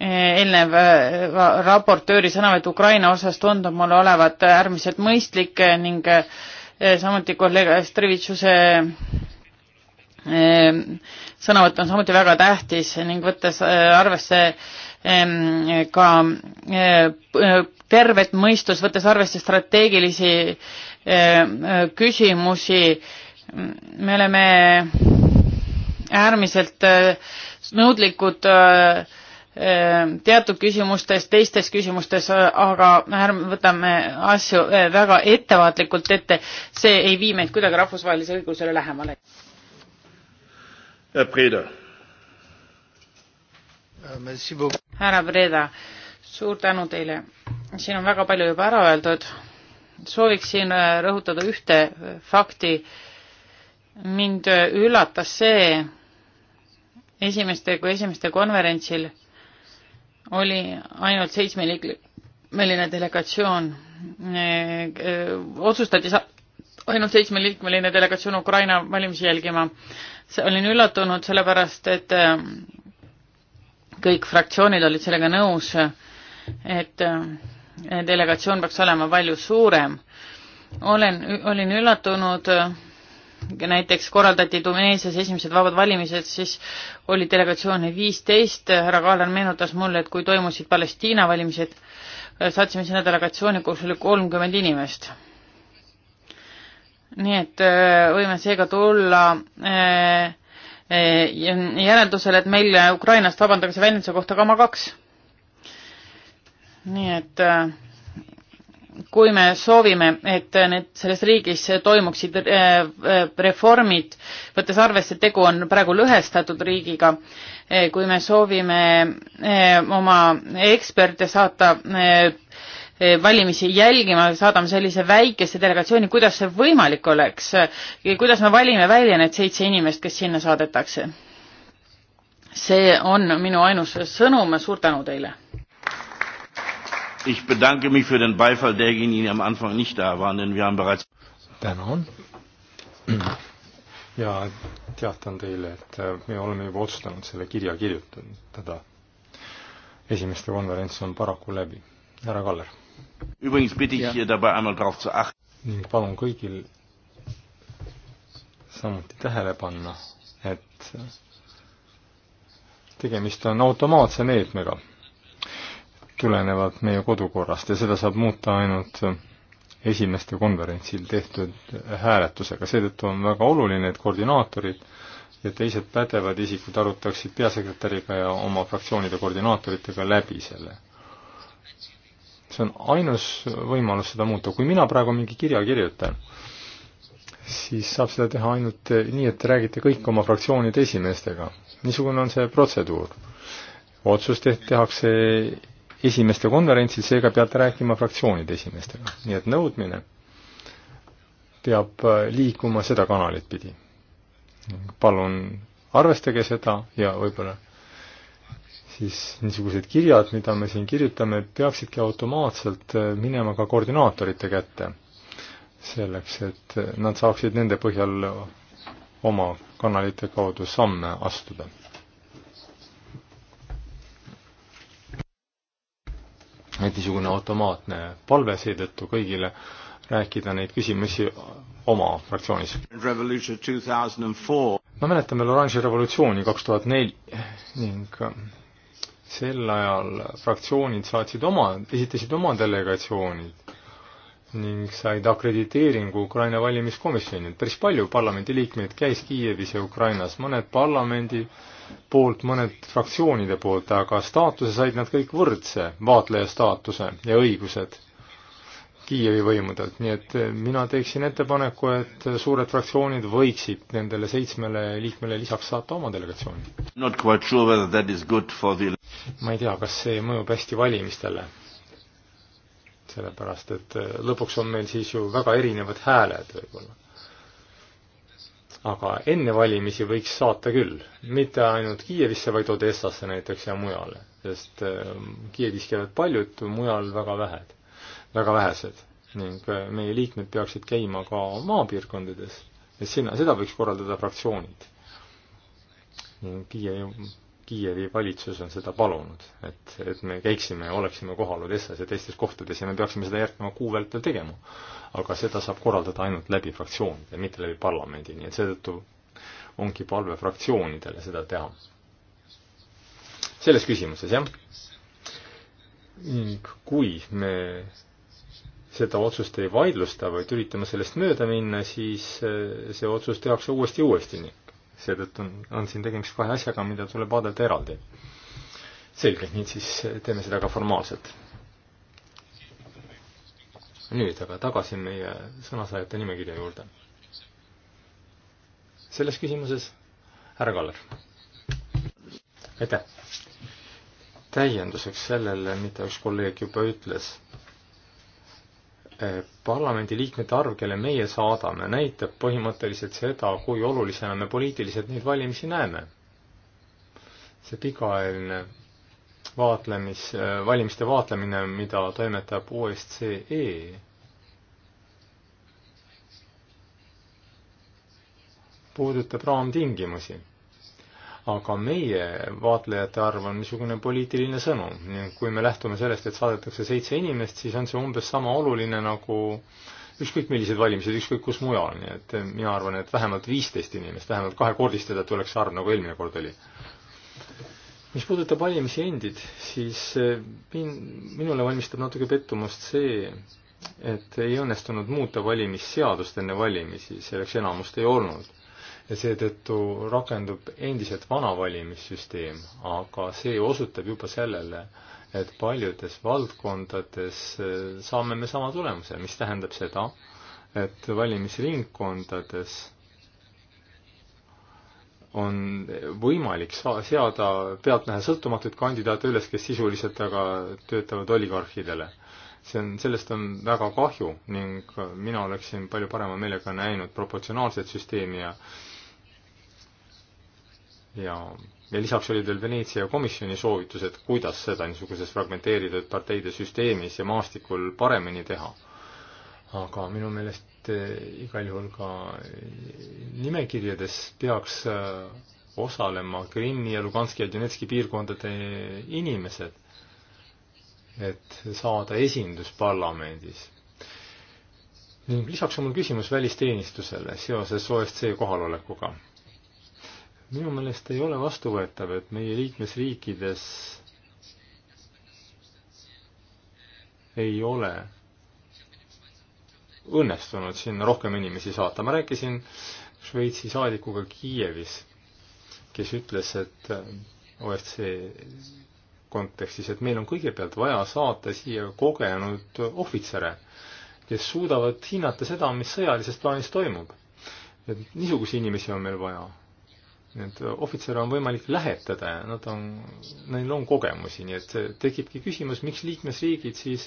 eelnev raportööri sõnavõtt Ukraina osas tundub mulle olevat äärmiselt mõistlik ning äh, Eh, samuti kolleeg Strivitsuse eh, sõnavõtt on samuti väga tähtis ning võttes eh, arvesse ka tervet mõistust, võttes arvesse strateegilisi küsimusi, me oleme äärmiselt nõudlikud äh, Ehm, teatud küsimustes, teistes küsimustes, äh, aga ärme võtame asju äh, väga ettevaatlikult ette, see ei vii meid kuidagi rahvusvahelise õigusele lähemale. Äh, härra Breda, suur tänu teile. siin on väga palju juba ära öeldud. sooviksin rõhutada ühte fakti. mind üllatas see esimeste kui esimeste konverentsil oli ainult seitsmeliikmeline delegatsioon. Äh, äh, otsustati ainult seitsmeliikmeline delegatsioon Ukraina valimisi jälgima. olin üllatunud sellepärast, et äh, kõik fraktsioonid olid sellega nõus, et delegatsioon peaks olema palju suurem. olen, olin üllatunud näiteks korraldati Tuneesias esimesed vabad valimised, siis oli delegatsioone viisteist, härra Kaalan meenutas mulle, et kui toimusid Palestiina valimised, saatsime sinna delegatsiooni, kus oli kolmkümmend inimest. nii et äh, võime seega tulla äh, äh, järeldusele, et meil Ukrainast vabandamise väljunduse kohta kama kaks. nii et äh, kui me soovime, et need selles riigis toimuksid äh, äh, reformid, võttes arvesse, et tegu on praegu lõhestatud riigiga, äh, kui me soovime oma eksperte saata valimisi jälgima, saadame sellise väikese delegatsiooni, kuidas see võimalik oleks, kuidas me valime välja need seitse inimest, kes sinna saadetakse? see on minu ainus sõnum, suur tänu teile! Ich bedanke mich für den Beifall derjenigen, die am Anfang nicht da waren, denn wir haben bereits. Tänan. ja teatan teile, et äh, me oleme juba otsustanud selle kirja kirjutada. esimeste konverents on paraku läbi. härra Kaller. Übrigens bitte ich hier dabei einmal drauf zu achten. ning palun kõigil samuti tähele panna, et tegemist on automaatse meetmega tulenevalt meie kodukorrast ja seda saab muuta ainult esimeste konverentsil tehtud hääletusega, seetõttu on väga oluline, et koordinaatorid ja teised pädevad isikud arutaksid peasekretäriga ja oma fraktsioonide koordinaatoritega läbi selle. see on ainus võimalus seda muuta, kui mina praegu mingi kirja kirjutan, siis saab seda teha ainult nii, et te räägite kõik oma fraktsioonide esimeestega. niisugune on see protseduur otsus tehakse esimeeste konverentsil, seega peate rääkima fraktsioonide esimeestega. nii et nõudmine peab äh, liikuma seda kanalit pidi. palun arvestage seda ja võib-olla siis niisugused kirjad, mida me siin kirjutame, peaksidki automaatselt äh, minema ka koordinaatorite kätte. selleks, et äh, nad saaksid nende põhjal oma kanalite kaudu samme astuda et niisugune automaatne palve seetõttu kõigile rääkida neid küsimusi oma fraktsioonis. me mäletame Oranži revolutsiooni kaks tuhat neli ning sel ajal fraktsioonid saatsid oma, esitasid oma delegatsioonid ning said akrediteeringu Ukraina valimiskomisjonilt. päris palju parlamendiliikmeid käis Kiievis ja Ukrainas, mõned parlamendi poolt, mõned fraktsioonide poolt, aga staatuse said nad kõik võrdse, vaatleja staatuse ja õigused Kiievi võimudelt, nii et eh, mina teeksin ettepaneku, et suured fraktsioonid võiksid nendele seitsmele liikmele lisaks saata oma delegatsiooni. Sure the... ma ei tea, kas see mõjub hästi valimistele sellepärast et äh, lõpuks on meil siis ju väga erinevad hääled võib-olla. aga enne valimisi võiks saata küll, mitte ainult Kiievisse, vaid Odessasse näiteks ja mujale, sest äh, Kiievis käivad paljud, mujal väga vähed, väga vähesed ning äh, meie liikmed peaksid käima ka maapiirkondades, et sinna, seda võiks korraldada fraktsioonid. Kiievi Kiievi valitsus on seda palunud, et, et me käiksime ja oleksime kohal Odessas ja teistes kohtades ja me peaksime seda järgneva kuu vältel tegema. aga seda saab korraldada ainult läbi fraktsioonide, mitte läbi parlamendi, nii et seetõttu ongi palve fraktsioonidele seda teha. selles küsimuses, jah. ning kui me seda otsust ei vaidlusta, vaid üritame sellest mööda minna, siis eh, see otsus tehakse uuesti ja uuesti nii seetõttu on, on siin tegemist kahe asjaga, mida tuleb vaadelda eraldi. selge, nii siis teeme seda ka formaalselt. nüüd aga tagasi meie sõnasaajate nimekirja juurde. selles küsimuses härra Kaller. aitäh! täienduseks sellele, mida üks kolleeg juba ütles parlamendiliikmete arv, kelle meie saadame, näitab põhimõtteliselt seda, kui olulisena me poliitiliselt neid valimisi näeme. see pikaajaline vaatlemis, äh, valimiste vaatlemine, mida toimetab OSCE, puudutab raamtingimusi aga meie vaatlejate arv on niisugune poliitiline sõnum. kui me lähtume sellest, et saadetakse seitse inimest, siis on see umbes sama oluline nagu ükskõik millised valimised ükskõik kus mujal, nii et mina arvan, et vähemalt viisteist inimest, vähemalt kahekordistada tuleks see arv, nagu eelmine kord oli. mis puudutab valimisi endid, siis eh, min-, minule valmistab natuke pettumust see, et ei õnnestunud muuta valimisseadust enne valimisi, selleks enamust ei olnud ja seetõttu rakendub endiselt vana valimissüsteem, aga see osutab juba sellele, et paljudes valdkondades eh, saame me sama tulemuse, mis tähendab seda, et valimisringkondades on võimalik seada pealtnäha sõltumatuid kandidaate üles, kes sisuliselt aga töötavad oligarhidele. see on, sellest on väga kahju ning mina oleksin palju parema meelega näinud proportsionaalset süsteemi ja äh, ja, ja lisaks oli teil Veneetsia komisjoni soovitused, kuidas seda niisuguses fragmenteeritud parteide süsteemis ja maastikul paremini teha. aga minu meelest eh, igal juhul ka eh, nimekirjades peaks eh, osalema Krimmi ja Luganski ja Donetski piirkondade inimesed, et saada esindus parlamendis ning lisaks on mul küsimus välisteenistusele seoses OSCE kohalolekuga minu meelest ei ole vastuvõetav, et meie liikmesriikides ei ole õnnestunud sinna rohkem inimesi saata. ma rääkisin Šveitsi saadikuga Kiievis, kes ütles, et äh, OSCE kontekstis, et meil on kõigepealt vaja saata siia kogenud ohvitsere, kes suudavad hinnata seda, mis sõjalises plaanis toimub. et niisuguseid inimesi on meil vaja. Need ohvitsere on võimalik lähetada ja nad on, neil on kogemusi, nii et tekibki küsimus, miks liikmesriigid siis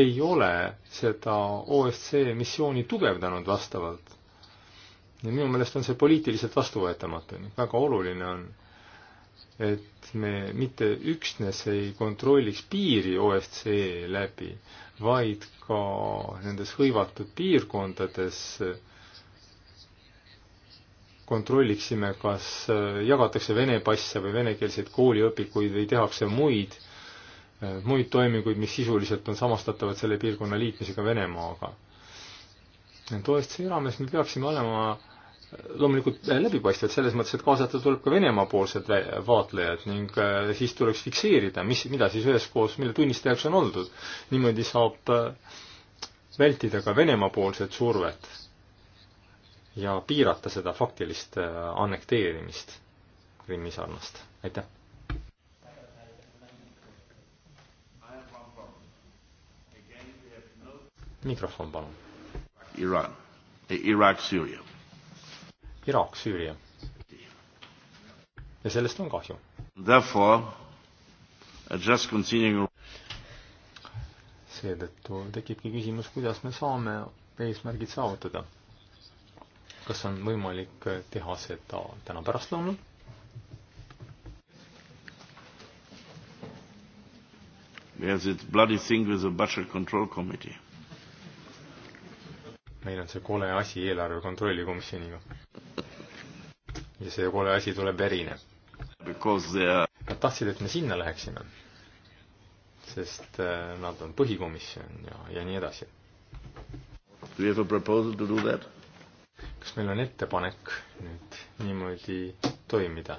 ei ole seda OSCE missiooni tugevdanud vastavalt. ja minu meelest on see poliitiliselt vastuvõetamatu, nii et väga oluline on, et me mitte üksnes ei kontrolliks piiri OSCE läbi, vaid ka nendes hõivatud piirkondades äh, kontrolliksime, kas äh, jagatakse vene passe või venekeelseid kooliõpikuid või tehakse muid, äh, muid toiminguid, mis sisuliselt on samastatavad selle piirkonna liitmisega Venemaaga. et OSCE raames me peaksime olema äh, loomulikult läbipaistvad selles mõttes, et kaasata tuleb ka Venemaa-poolsed vaatlejad ning siis tuleks fikseerida, mis, mida siis üheskoos, mille tunnistajaks on oldud. niimoodi saab vältida ka Venemaa-poolset survet ja piirata seda faktilist äh, annekteerimist Krimmi sarnast, aitäh. mikrofon palun. Iraan, Iraak, Süüria. Iraak, Süüria. ja sellest on kahju. Therefore, just continuing seetõttu tekibki küsimus, kuidas me saame eesmärgid saavutada kas on võimalik äh, teha seda täna pärastlõunal? There's this bloody thing with the budget control committee. meil on see kole asi eelarve kontrolli komisjoniga. ja see kole asi tuleb verine. Are... Nad tahtsid, et me sinna läheksime. sest äh, nad on põhikomisjon ja, ja nii edasi. Do you have a proposal to do that? kas meil on ettepanek nüüd niimoodi toimida?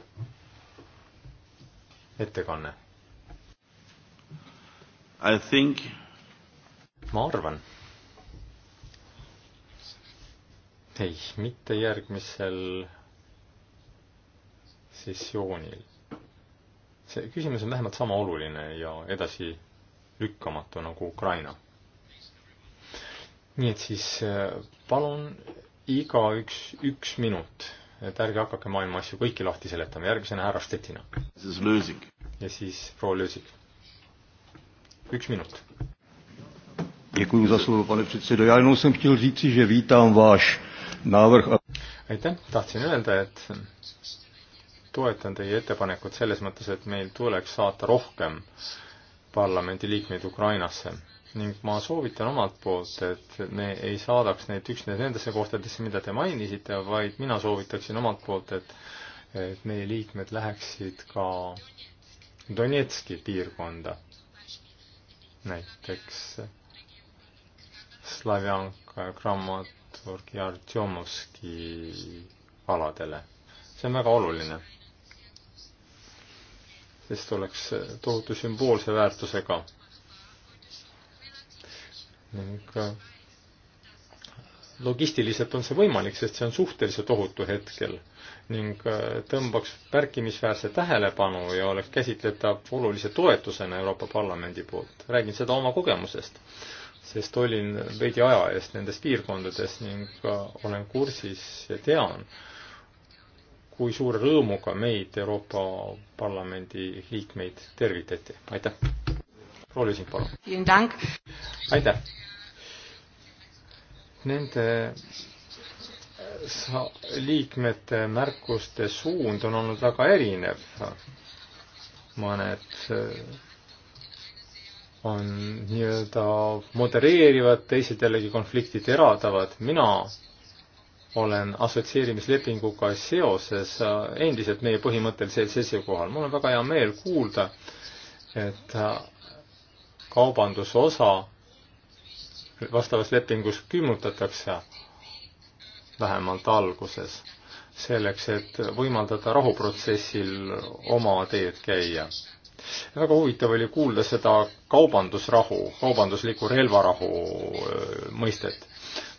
ettekanne. I think. ma arvan. ei, mitte järgmisel sessioonil. see küsimus on vähemalt sama oluline ja edasilükkamatu nagu Ukraina. nii et siis äh, palun igaüks üks minut, et ärge hakake maailma asju kõiki lahti seletama, järgmisena härra Stettina. ja siis proua Lösik. üks minut. Děkuji za slovo, pane předsedo. Já jenom jsem chtěl říci, že vítám váš návrh. Aitäh, tahtsin öelda, et toetan teie ettepanekut selles mõttes, et meil tuleks saata rohkem parlamendiliikmeid Ukrainasse ning ma soovitan omalt poolt, et me ei saadaks neid üksnes nendesse kohtadesse, mida te mainisite, vaid mina soovitaksin omalt poolt, et, et meie liikmed läheksid ka Donetski piirkonda. näiteks Slavjanka, Kramatorgi, Artjomovski aladele. see on väga oluline sest oleks tohutu sümboolse väärtusega ning äh, logistiliselt on see võimalik, sest see on suhteliselt ohutu hetkel ning äh, tõmbaks märkimisväärse tähelepanu ja oleks käsitletav olulise toetusena Euroopa Parlamendi poolt. räägin seda oma kogemusest, sest olin veidi aja eest nendes piirkondades ning äh, olen kursis ja tean, kui suure rõõmuga meid, Euroopa Parlamendi liikmeid, tervitati. aitäh! proovisin, palun. aitäh! nende äh, liikmete märkuste suund on olnud väga erinev. mõned äh, on nii-öelda modereerivad, teised jällegi konflikti teravdavad. mina olen assotsieerimislepinguga seoses äh, endiselt meie põhimõttelisel seisukohal. mul on väga hea meel kuulda, et kaubandusosa vastavas lepingus külmutatakse, vähemalt alguses, selleks, et võimaldada rahuprotsessil oma teed käia. väga huvitav oli kuulda seda kaubandusrahu, kaubandusliku relvarahu mõistet.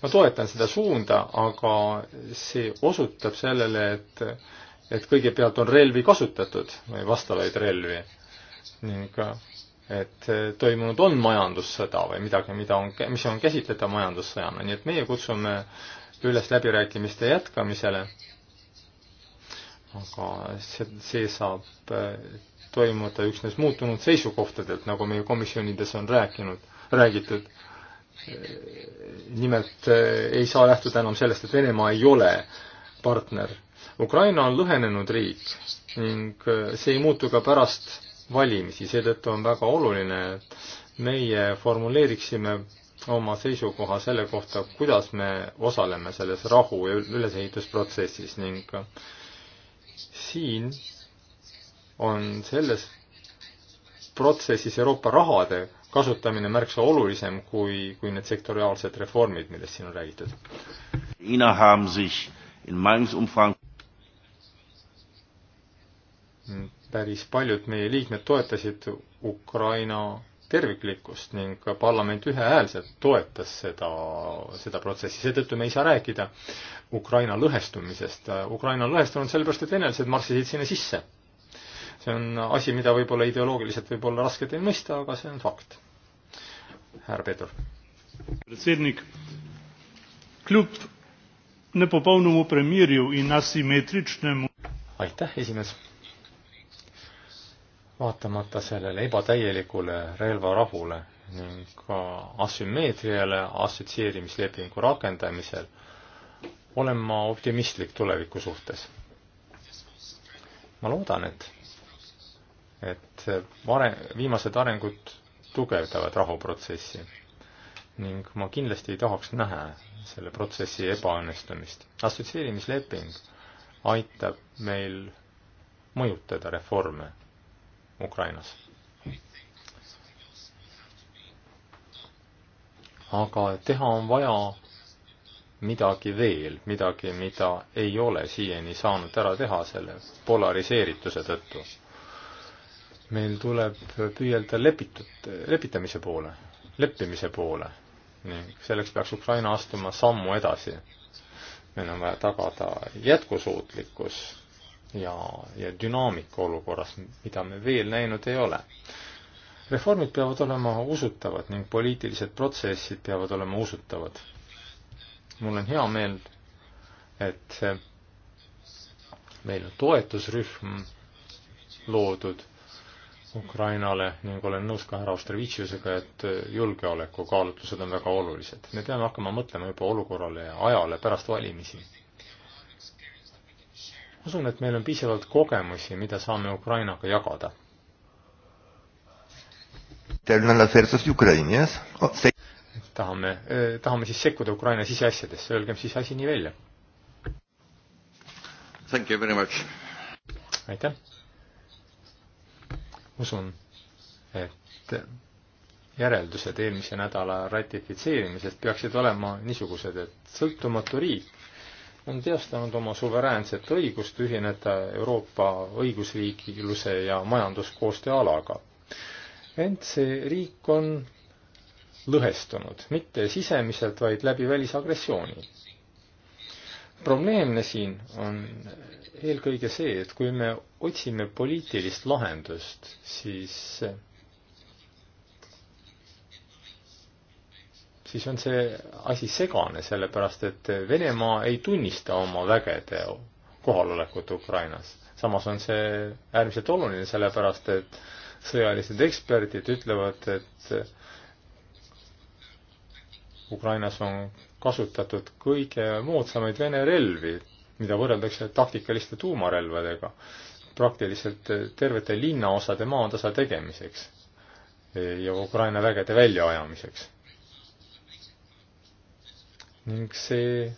ma toetan seda suunda, aga see osutab sellele, et et kõigepealt on relvi kasutatud või vastavaid relvi ning et eh, toimunud on majandussõda või midagi, mida on, mis on käsitleda majandussõjana, nii et meie kutsume üles läbirääkimiste jätkamisele. aga see, see saab eh, toimuda üksnes muutunud seisukohtadelt, nagu meie komisjonides on rääkinud, räägitud. Eh, nimelt ei saa lähtuda enam sellest, et Venemaa ei ole partner. Ukraina on lõhenenud riik ning see ei muutu ka pärast valimisi, seetõttu on väga oluline, et meie formuleeriksime oma seisukoha selle kohta, kuidas me osaleme selles rahu- ja ülesehitusprotsessis ning siin on selles protsessis Euroopa rahade kasutamine märksa olulisem kui, kui need sektoriaalsed reformid, millest siin on räägitud päris paljud meie liikmed toetasid Ukraina terviklikkust ning parlament ühehäälselt toetas seda, seda protsessi, seetõttu me ei saa rääkida Ukraina lõhestumisest. Ukraina on lõhestunud sellepärast, et venelased marssisid sinna sisse. see on asi, mida võib-olla ideoloogiliselt võib olla raske teil mõista, aga see on fakt. härra Peeter. predsednik, klub nepopolnomu premirju in asimeetričnemu aitäh, esimees vaatamata sellele ebatäielikule relvarahule ning ka asümmeetriale assotsieerimislepingu rakendamisel olen ma optimistlik tuleviku suhtes. ma loodan, et, et vare-, viimased arengud tugevdavad rahuprotsessi ning ma kindlasti ei tahaks näha selle protsessi ebaõnnestumist. assotsieerimisleping aitab meil mõjutada reforme Ukrainas. aga teha on vaja midagi veel, midagi, mida ei ole siiani saanud ära teha selle polariseerituse tõttu. meil tuleb püüelda lepitud, lepitamise poole, leppimise poole ning selleks peaks Ukraina astuma sammu edasi. meil on vaja tagada jätkusuutlikkus ja, ja dünaamika olukorras, mida me veel näinud ei ole. reformid peavad olema usutavad ning poliitilised protsessid peavad olema usutavad. mul on hea meel, et meil on toetusrühm loodud Ukrainale ning olen nõus ka härra Ostrovitšiusega, et julgeolekukaalutlused on väga olulised. me peame hakkama mõtlema juba olukorrale ja ajale pärast valimisi usun, et meil on piisavalt kogemusi, mida saame Ukrainaga jagada. tahame, eh, tahame siis sekkuda Ukraina siseasjadesse, öelgem siis asi nii välja. aitäh. usun, et järeldused eelmise nädala ratifitseerimisest peaksid olema niisugused, et sõltumatu riik on teostanud oma suveräänset õigust ühineda Euroopa õigusriikluse ja majanduskoostöö alaga. ent see riik on lõhestunud, mitte sisemiselt, vaid läbi välisagressiooni. probleemne siin on eelkõige see, et kui me otsime poliitilist lahendust, siis siis on see asi segane, sellepärast et Venemaa ei tunnista oma vägede kohalolekut Ukrainas. samas on see äärmiselt oluline, sellepärast et sõjalised eksperdid ütlevad, et Ukrainas on kasutatud kõige moodsamaid Vene relvi, mida võrreldakse taktikaliste tuumarelvadega, praktiliselt tervete linnaosade maatasa tegemiseks ja Ukraina vägede väljaajamiseks ning see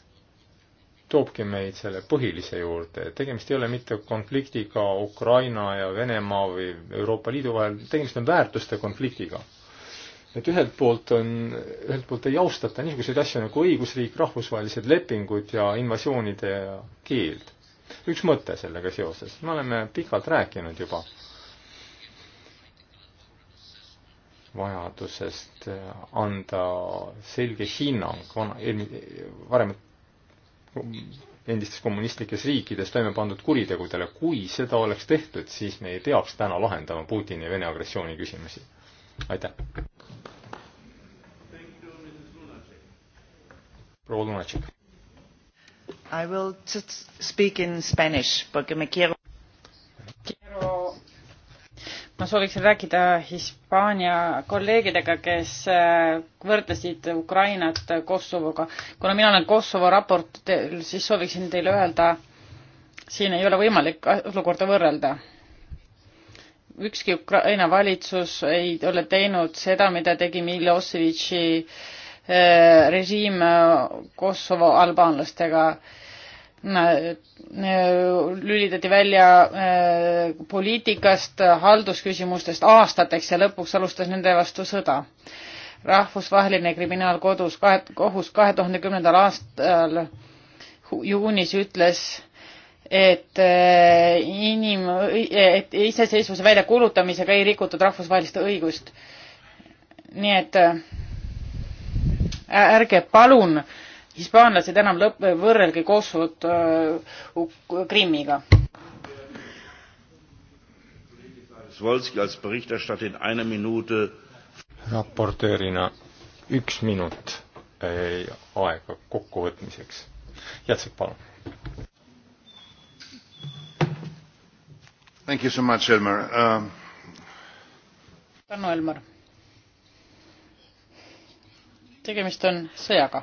toobki meid selle põhilise juurde, et tegemist ei ole mitte konfliktiga Ukraina ja Venemaa või Euroopa Liidu vahel, tegemist on väärtuste konfliktiga. et ühelt poolt on, ühelt poolt ei austata niisuguseid asju nagu õigusriik, rahvusvahelised lepingud ja invasioonide keeld. üks mõte sellega seoses, me oleme pikalt rääkinud juba vajadusest äh, anda selge hinnang vana, varem endistes kommunistlikes riikides toime pandud kuritegudele. kui seda oleks tehtud, siis me ei peaks täna lahendama Putini ja Vene agressiooni küsimusi. aitäh. proua Lunatšik. I will just speak in spanish porque me quiero ma sooviksin rääkida Hispaania kolleegidega, kes äh, võrdlesid Ukrainat Kosovoga. kuna mina olen Kosovo raportöör, siis sooviksin teile öelda, siin ei ole võimalik olukorda võrrelda. ükski Ukraina valitsus ei ole teinud seda, mida tegi Milosevici äh, režiim Kosovo albaanlastega Äh, lülitati välja äh, poliitikast, haldusküsimustest aastateks ja lõpuks alustas nende vastu sõda. rahvusvaheline kriminaalkodus kahe, kohus kahe tuhande kümnendal aastal juunis ütles, et äh, inim-, et iseseisvuse väljakuulutamisega ei rikutud rahvusvahelist õigust. nii et ärge palun äh, hispaanlased enam lõpp, võrrelge Kosovot Krimmiga. raportöörina üks minut aega kokkuvõtmiseks. Jacek, palun. Thank you so much, Elmar um.... tänu, Elmar. tegemist on sõjaga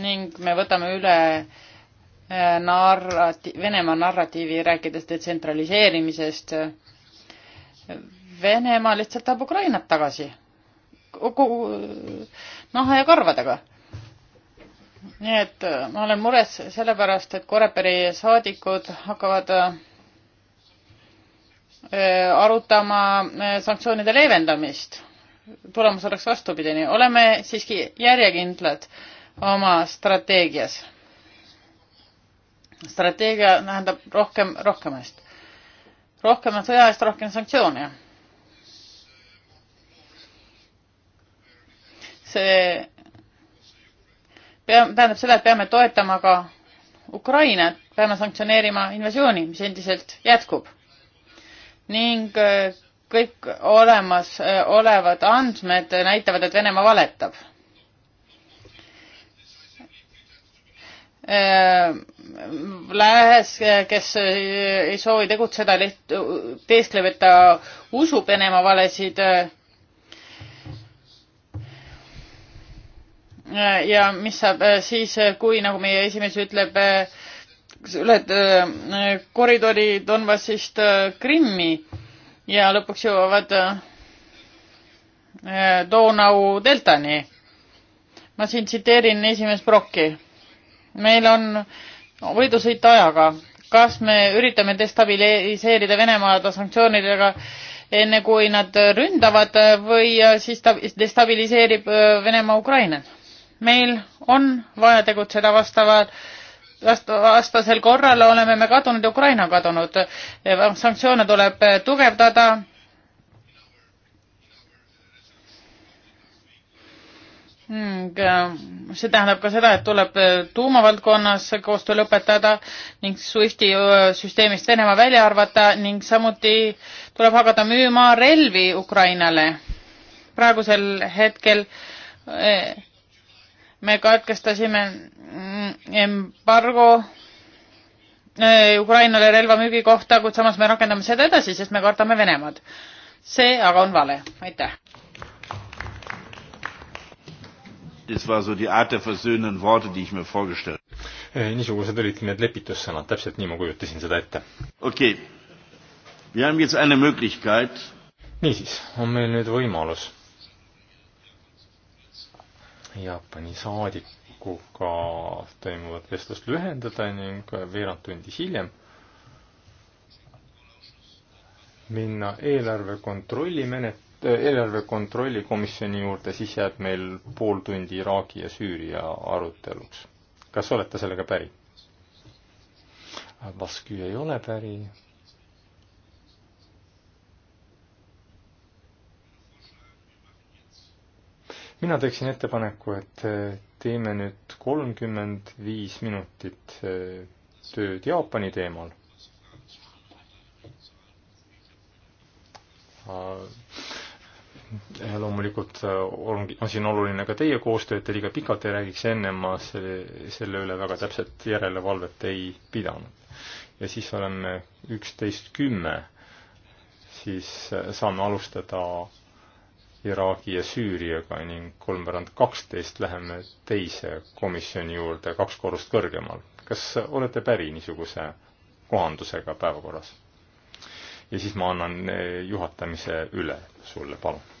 ning me võtame üle äh, narrati-, Venemaa narratiivi, rääkides detsentraliseerimisest. Venemaa lihtsalt tahab Ukrainat tagasi kogu naha ja karvadega. nii et äh, ma olen mures sellepärast, et Koreperi saadikud hakkavad äh, arutama sanktsioonide leevendamist. tulemus oleks vastupidine, oleme siiski järjekindlad oma strateegias. strateegia tähendab rohkem, rohkem eest. rohkem on sõja eest, rohkem sanktsioone. see pea-, tähendab seda, et peame toetama ka Ukrainat, peame sanktsioneerima invasiooni, mis endiselt jätkub. ning äh, kõik olemasolevad äh, andmed näitavad, et Venemaa valetab Äh, lähes, kes ei soovi tegutseda, teeskleb, et ta usub Venemaa valesid. Äh, ja mis saab äh, siis, kui nagu meie esimees ütleb, üle koridori Donbassist Krimmi ja lõpuks jõuavad Donau deltani. ma siin tsiteerin esimest Brocki meil on võidusõit ajaga. kas me üritame destabiliseerida Venemaad sanktsioonidega enne kui nad ründavad või siis ta destabiliseerib äh, Venemaa Ukrainat? meil on vaja tegutseda vastavalt vast-, vastasel korral oleme me kadunud ja Ukraina on kadunud. sanktsioone tuleb tugevdada Äh, see tähendab ka seda, et tuleb äh, tuumavaldkonnas koostöö lõpetada ning SWIFTi äh, süsteemist Venemaa välja arvata ning samuti tuleb hakata müüma relvi Ukrainale. praegusel hetkel me katkestasime mm, embargo Ukrainale relvamüügi kohta, kuid samas me rakendame seda edasi, sest me kardame Venemaad. see aga on vale. aitäh. Das war so die Art der versöhnenden Worte, die ich mir vorgestellt habe. Äh, niisugused olidki need lepitussõnad, täpselt nii ma kujutasin seda ette. okei okay., wir haben jetzt eine möglichkeit. niisiis, on meil nüüd võimalus Jaapani saadikuga toimuvat vestlust lühendada ning veerand tundi hiljem minna eelarve kontrolli menet-, eelarve kontrolli komisjoni juurde, siis jääb meil pool tundi Iraagi ja Süüria aruteluks. kas olete sellega päri? Vaskü ei ole päri. mina teeksin ettepaneku, et eh, teeme nüüd kolmkümmend viis minutit eh, tööd Jaapani teemal ah, loomulikult äh, on, on siin oluline ka teie koostöö, et te liiga pikalt ei räägiks, enne ma selle, selle üle väga täpset järelevalvet ei pidanud. ja siis oleme üksteist kümme, siis äh, saame alustada Iraagi ja Süüriaga ning kolmveerand kaksteist läheme teise komisjoni juurde kaks korrust kõrgemal. kas olete päri niisuguse kohandusega päevakorras? ja siis ma annan äh, juhatamise üle sulle, palun.